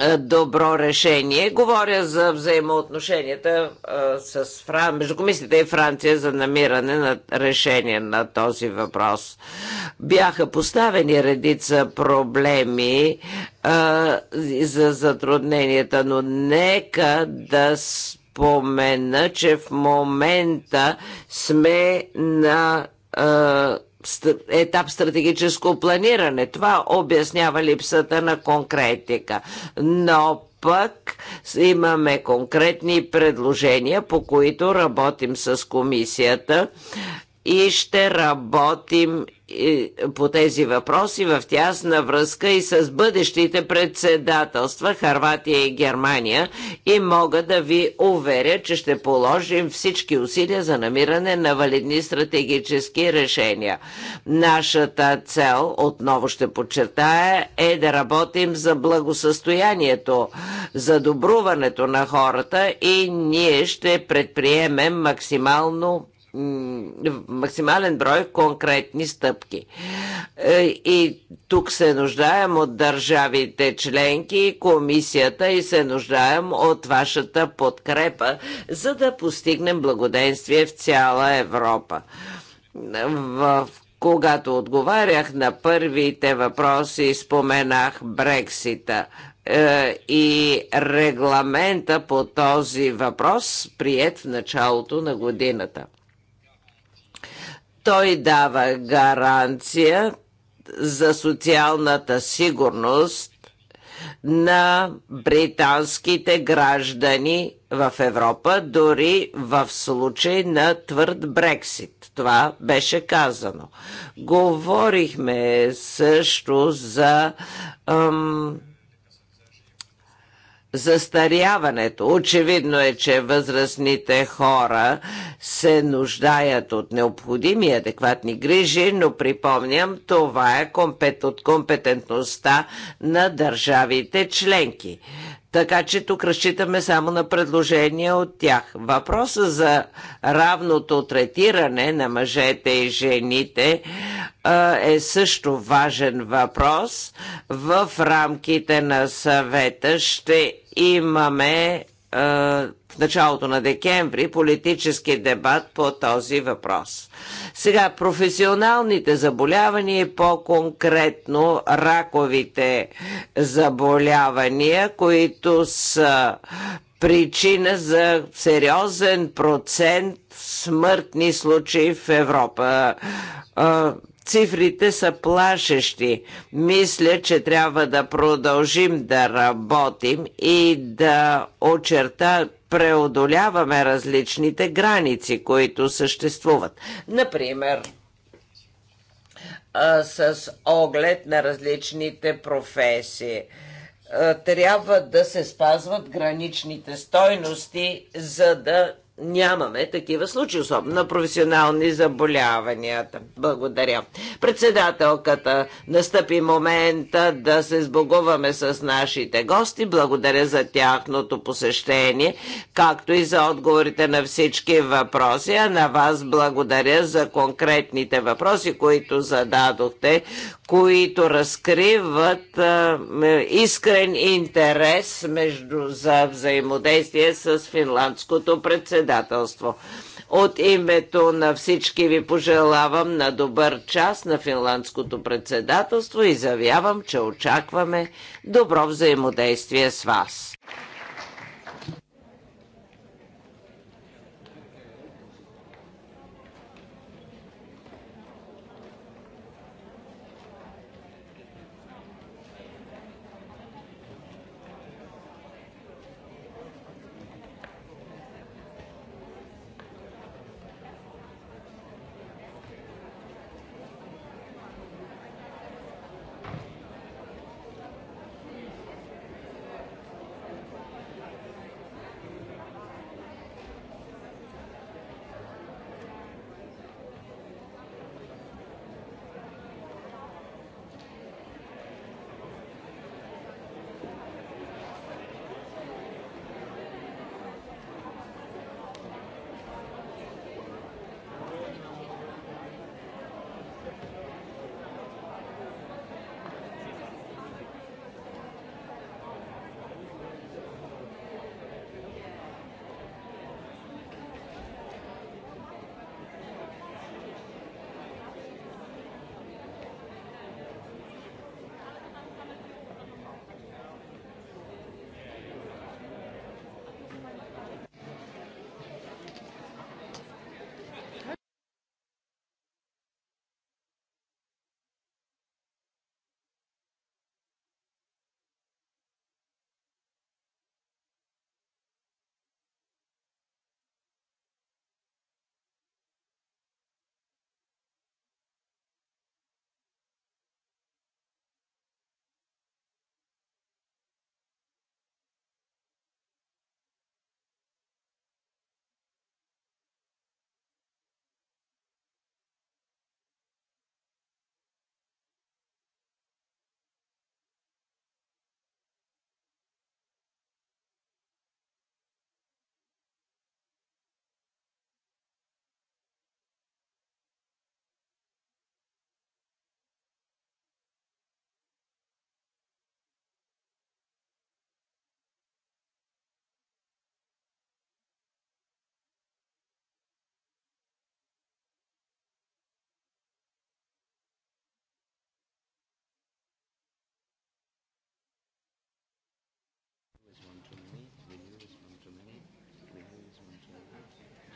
е, добро решение. Говоря за взаимоотношенията а, е, с Фран... между комисията и Франция за намиране на решение на този въпрос. Бяха поставени редица проблеми а, е, за затрудненията, но нека да спомена, че в момента сме на а, етап стратегическо планиране. Това обяснява липсата на конкретика. Но пък имаме конкретни предложения, по които работим с комисията и ще работим е, по тези въпроси в тясна връзка и с бъдещите председателства Харватия и Германия и мога да ви уверя, че ще положим всички усилия за намиране на валидни стратегически решения. Нашата цел, отново ще подчертая, е да работим за благосъстоянието, за добруването на хората и ние ще предприемем максимално максимален брой конкретни стъпки. Е, и тук се нуждаем от държавите членки комисията и се нуждаем от вашата подкрепа, за да постигнем благоденствие в цяла Европа. В когато отговарях на първите въпроси, споменах Брексита е, и регламента по този въпрос, прият в началото на годината. Той дава гаранция за социалната сигурност на британските граждани в Европа, дори в случай на твърд Брексит. Това беше казано. Говорихме също за ам, застаряването. Очевидно е, че възрастните хора се нуждаят от необходими адекватни грижи, но припомням, това е компет... от компетентността на държавите членки. Така че тук разчитаме само на предложения от тях. Въпроса за равното третиране на мъжете и жените е също важен въпрос. В рамките на съвета ще имаме е, в началото на декември политически дебат по този въпрос. Сега, професионалните заболявания и по-конкретно раковите заболявания, които са причина за сериозен процент смъртни случаи в Европа е, Цифрите са плашещи. Мисля, че трябва да продължим да работим и да очерта преодоляваме различните граници, които съществуват. Например, с оглед на различните професии. Трябва да се спазват граничните стойности, за да нямаме такива случаи, особено на професионални заболяванията. Благодаря. Председателката, настъпи момента да се сбогуваме с нашите гости. Благодаря за тяхното посещение, както и за отговорите на всички въпроси. А на вас благодаря за конкретните въпроси, които зададохте, които разкриват е, искрен интерес между, за взаимодействие с финландското председателство председателство. От името на всички ви пожелавам на добър час на финландското председателство и заявявам, че очакваме добро взаимодействие с вас.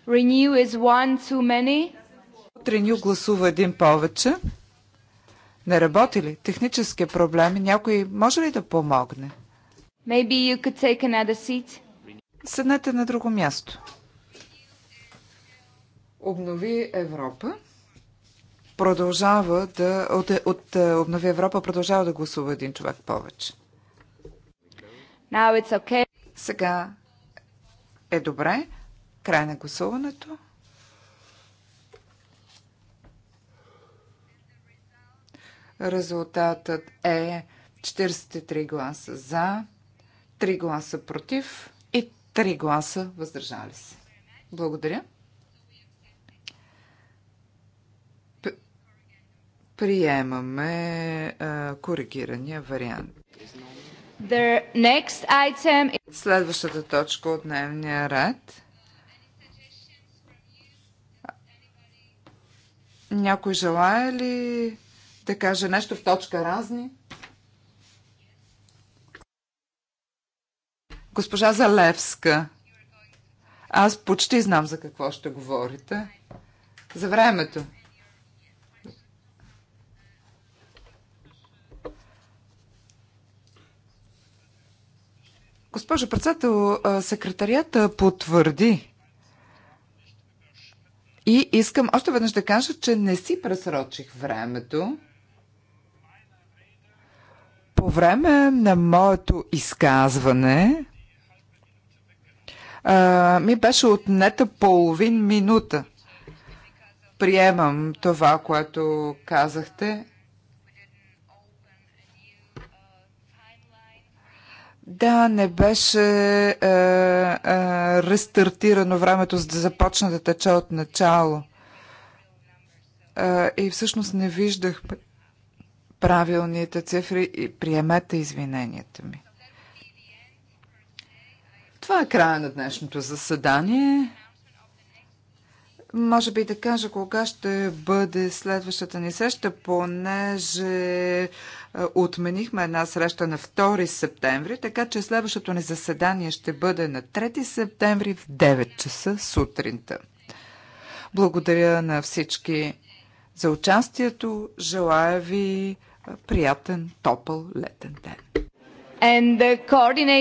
Renew is one too many. От Renew гласува един повече. Не работи ли? Технически проблеми. Някой може ли да помогне? Maybe you could take another seat. Седнете на друго място. Обнови Европа продължава да, От, от, от е, Обнови Европа продължава да гласува един човек повече. Now it's okay. Сега е добре. Край на гласуването. Резултатът е 43 гласа за, 3 гласа против и 3 гласа въздържали се. Благодаря. Приемаме а, коригирания вариант. Item... Следващата точка от дневния ред Някой желая ли да каже нещо в точка разни? Госпожа Залевска, аз почти знам за какво ще говорите. За времето. Госпожо председател, секретарията потвърди и искам още веднъж да кажа, че не си пресрочих времето. По време на моето изказване а, ми беше отнета половин минута. Приемам това, което казахте. Да, не беше е, е, рестартирано времето, за да започне да тече от начало. Е, и всъщност не виждах правилните цифри и приемете извиненията ми. Това е края на днешното заседание може би да кажа кога ще бъде следващата ни среща, понеже е, отменихме една среща на 2 септември, така че следващото ни заседание ще бъде на 3 септември в 9 часа сутринта. Благодаря на всички за участието. Желая ви е, приятен, топъл летен ден.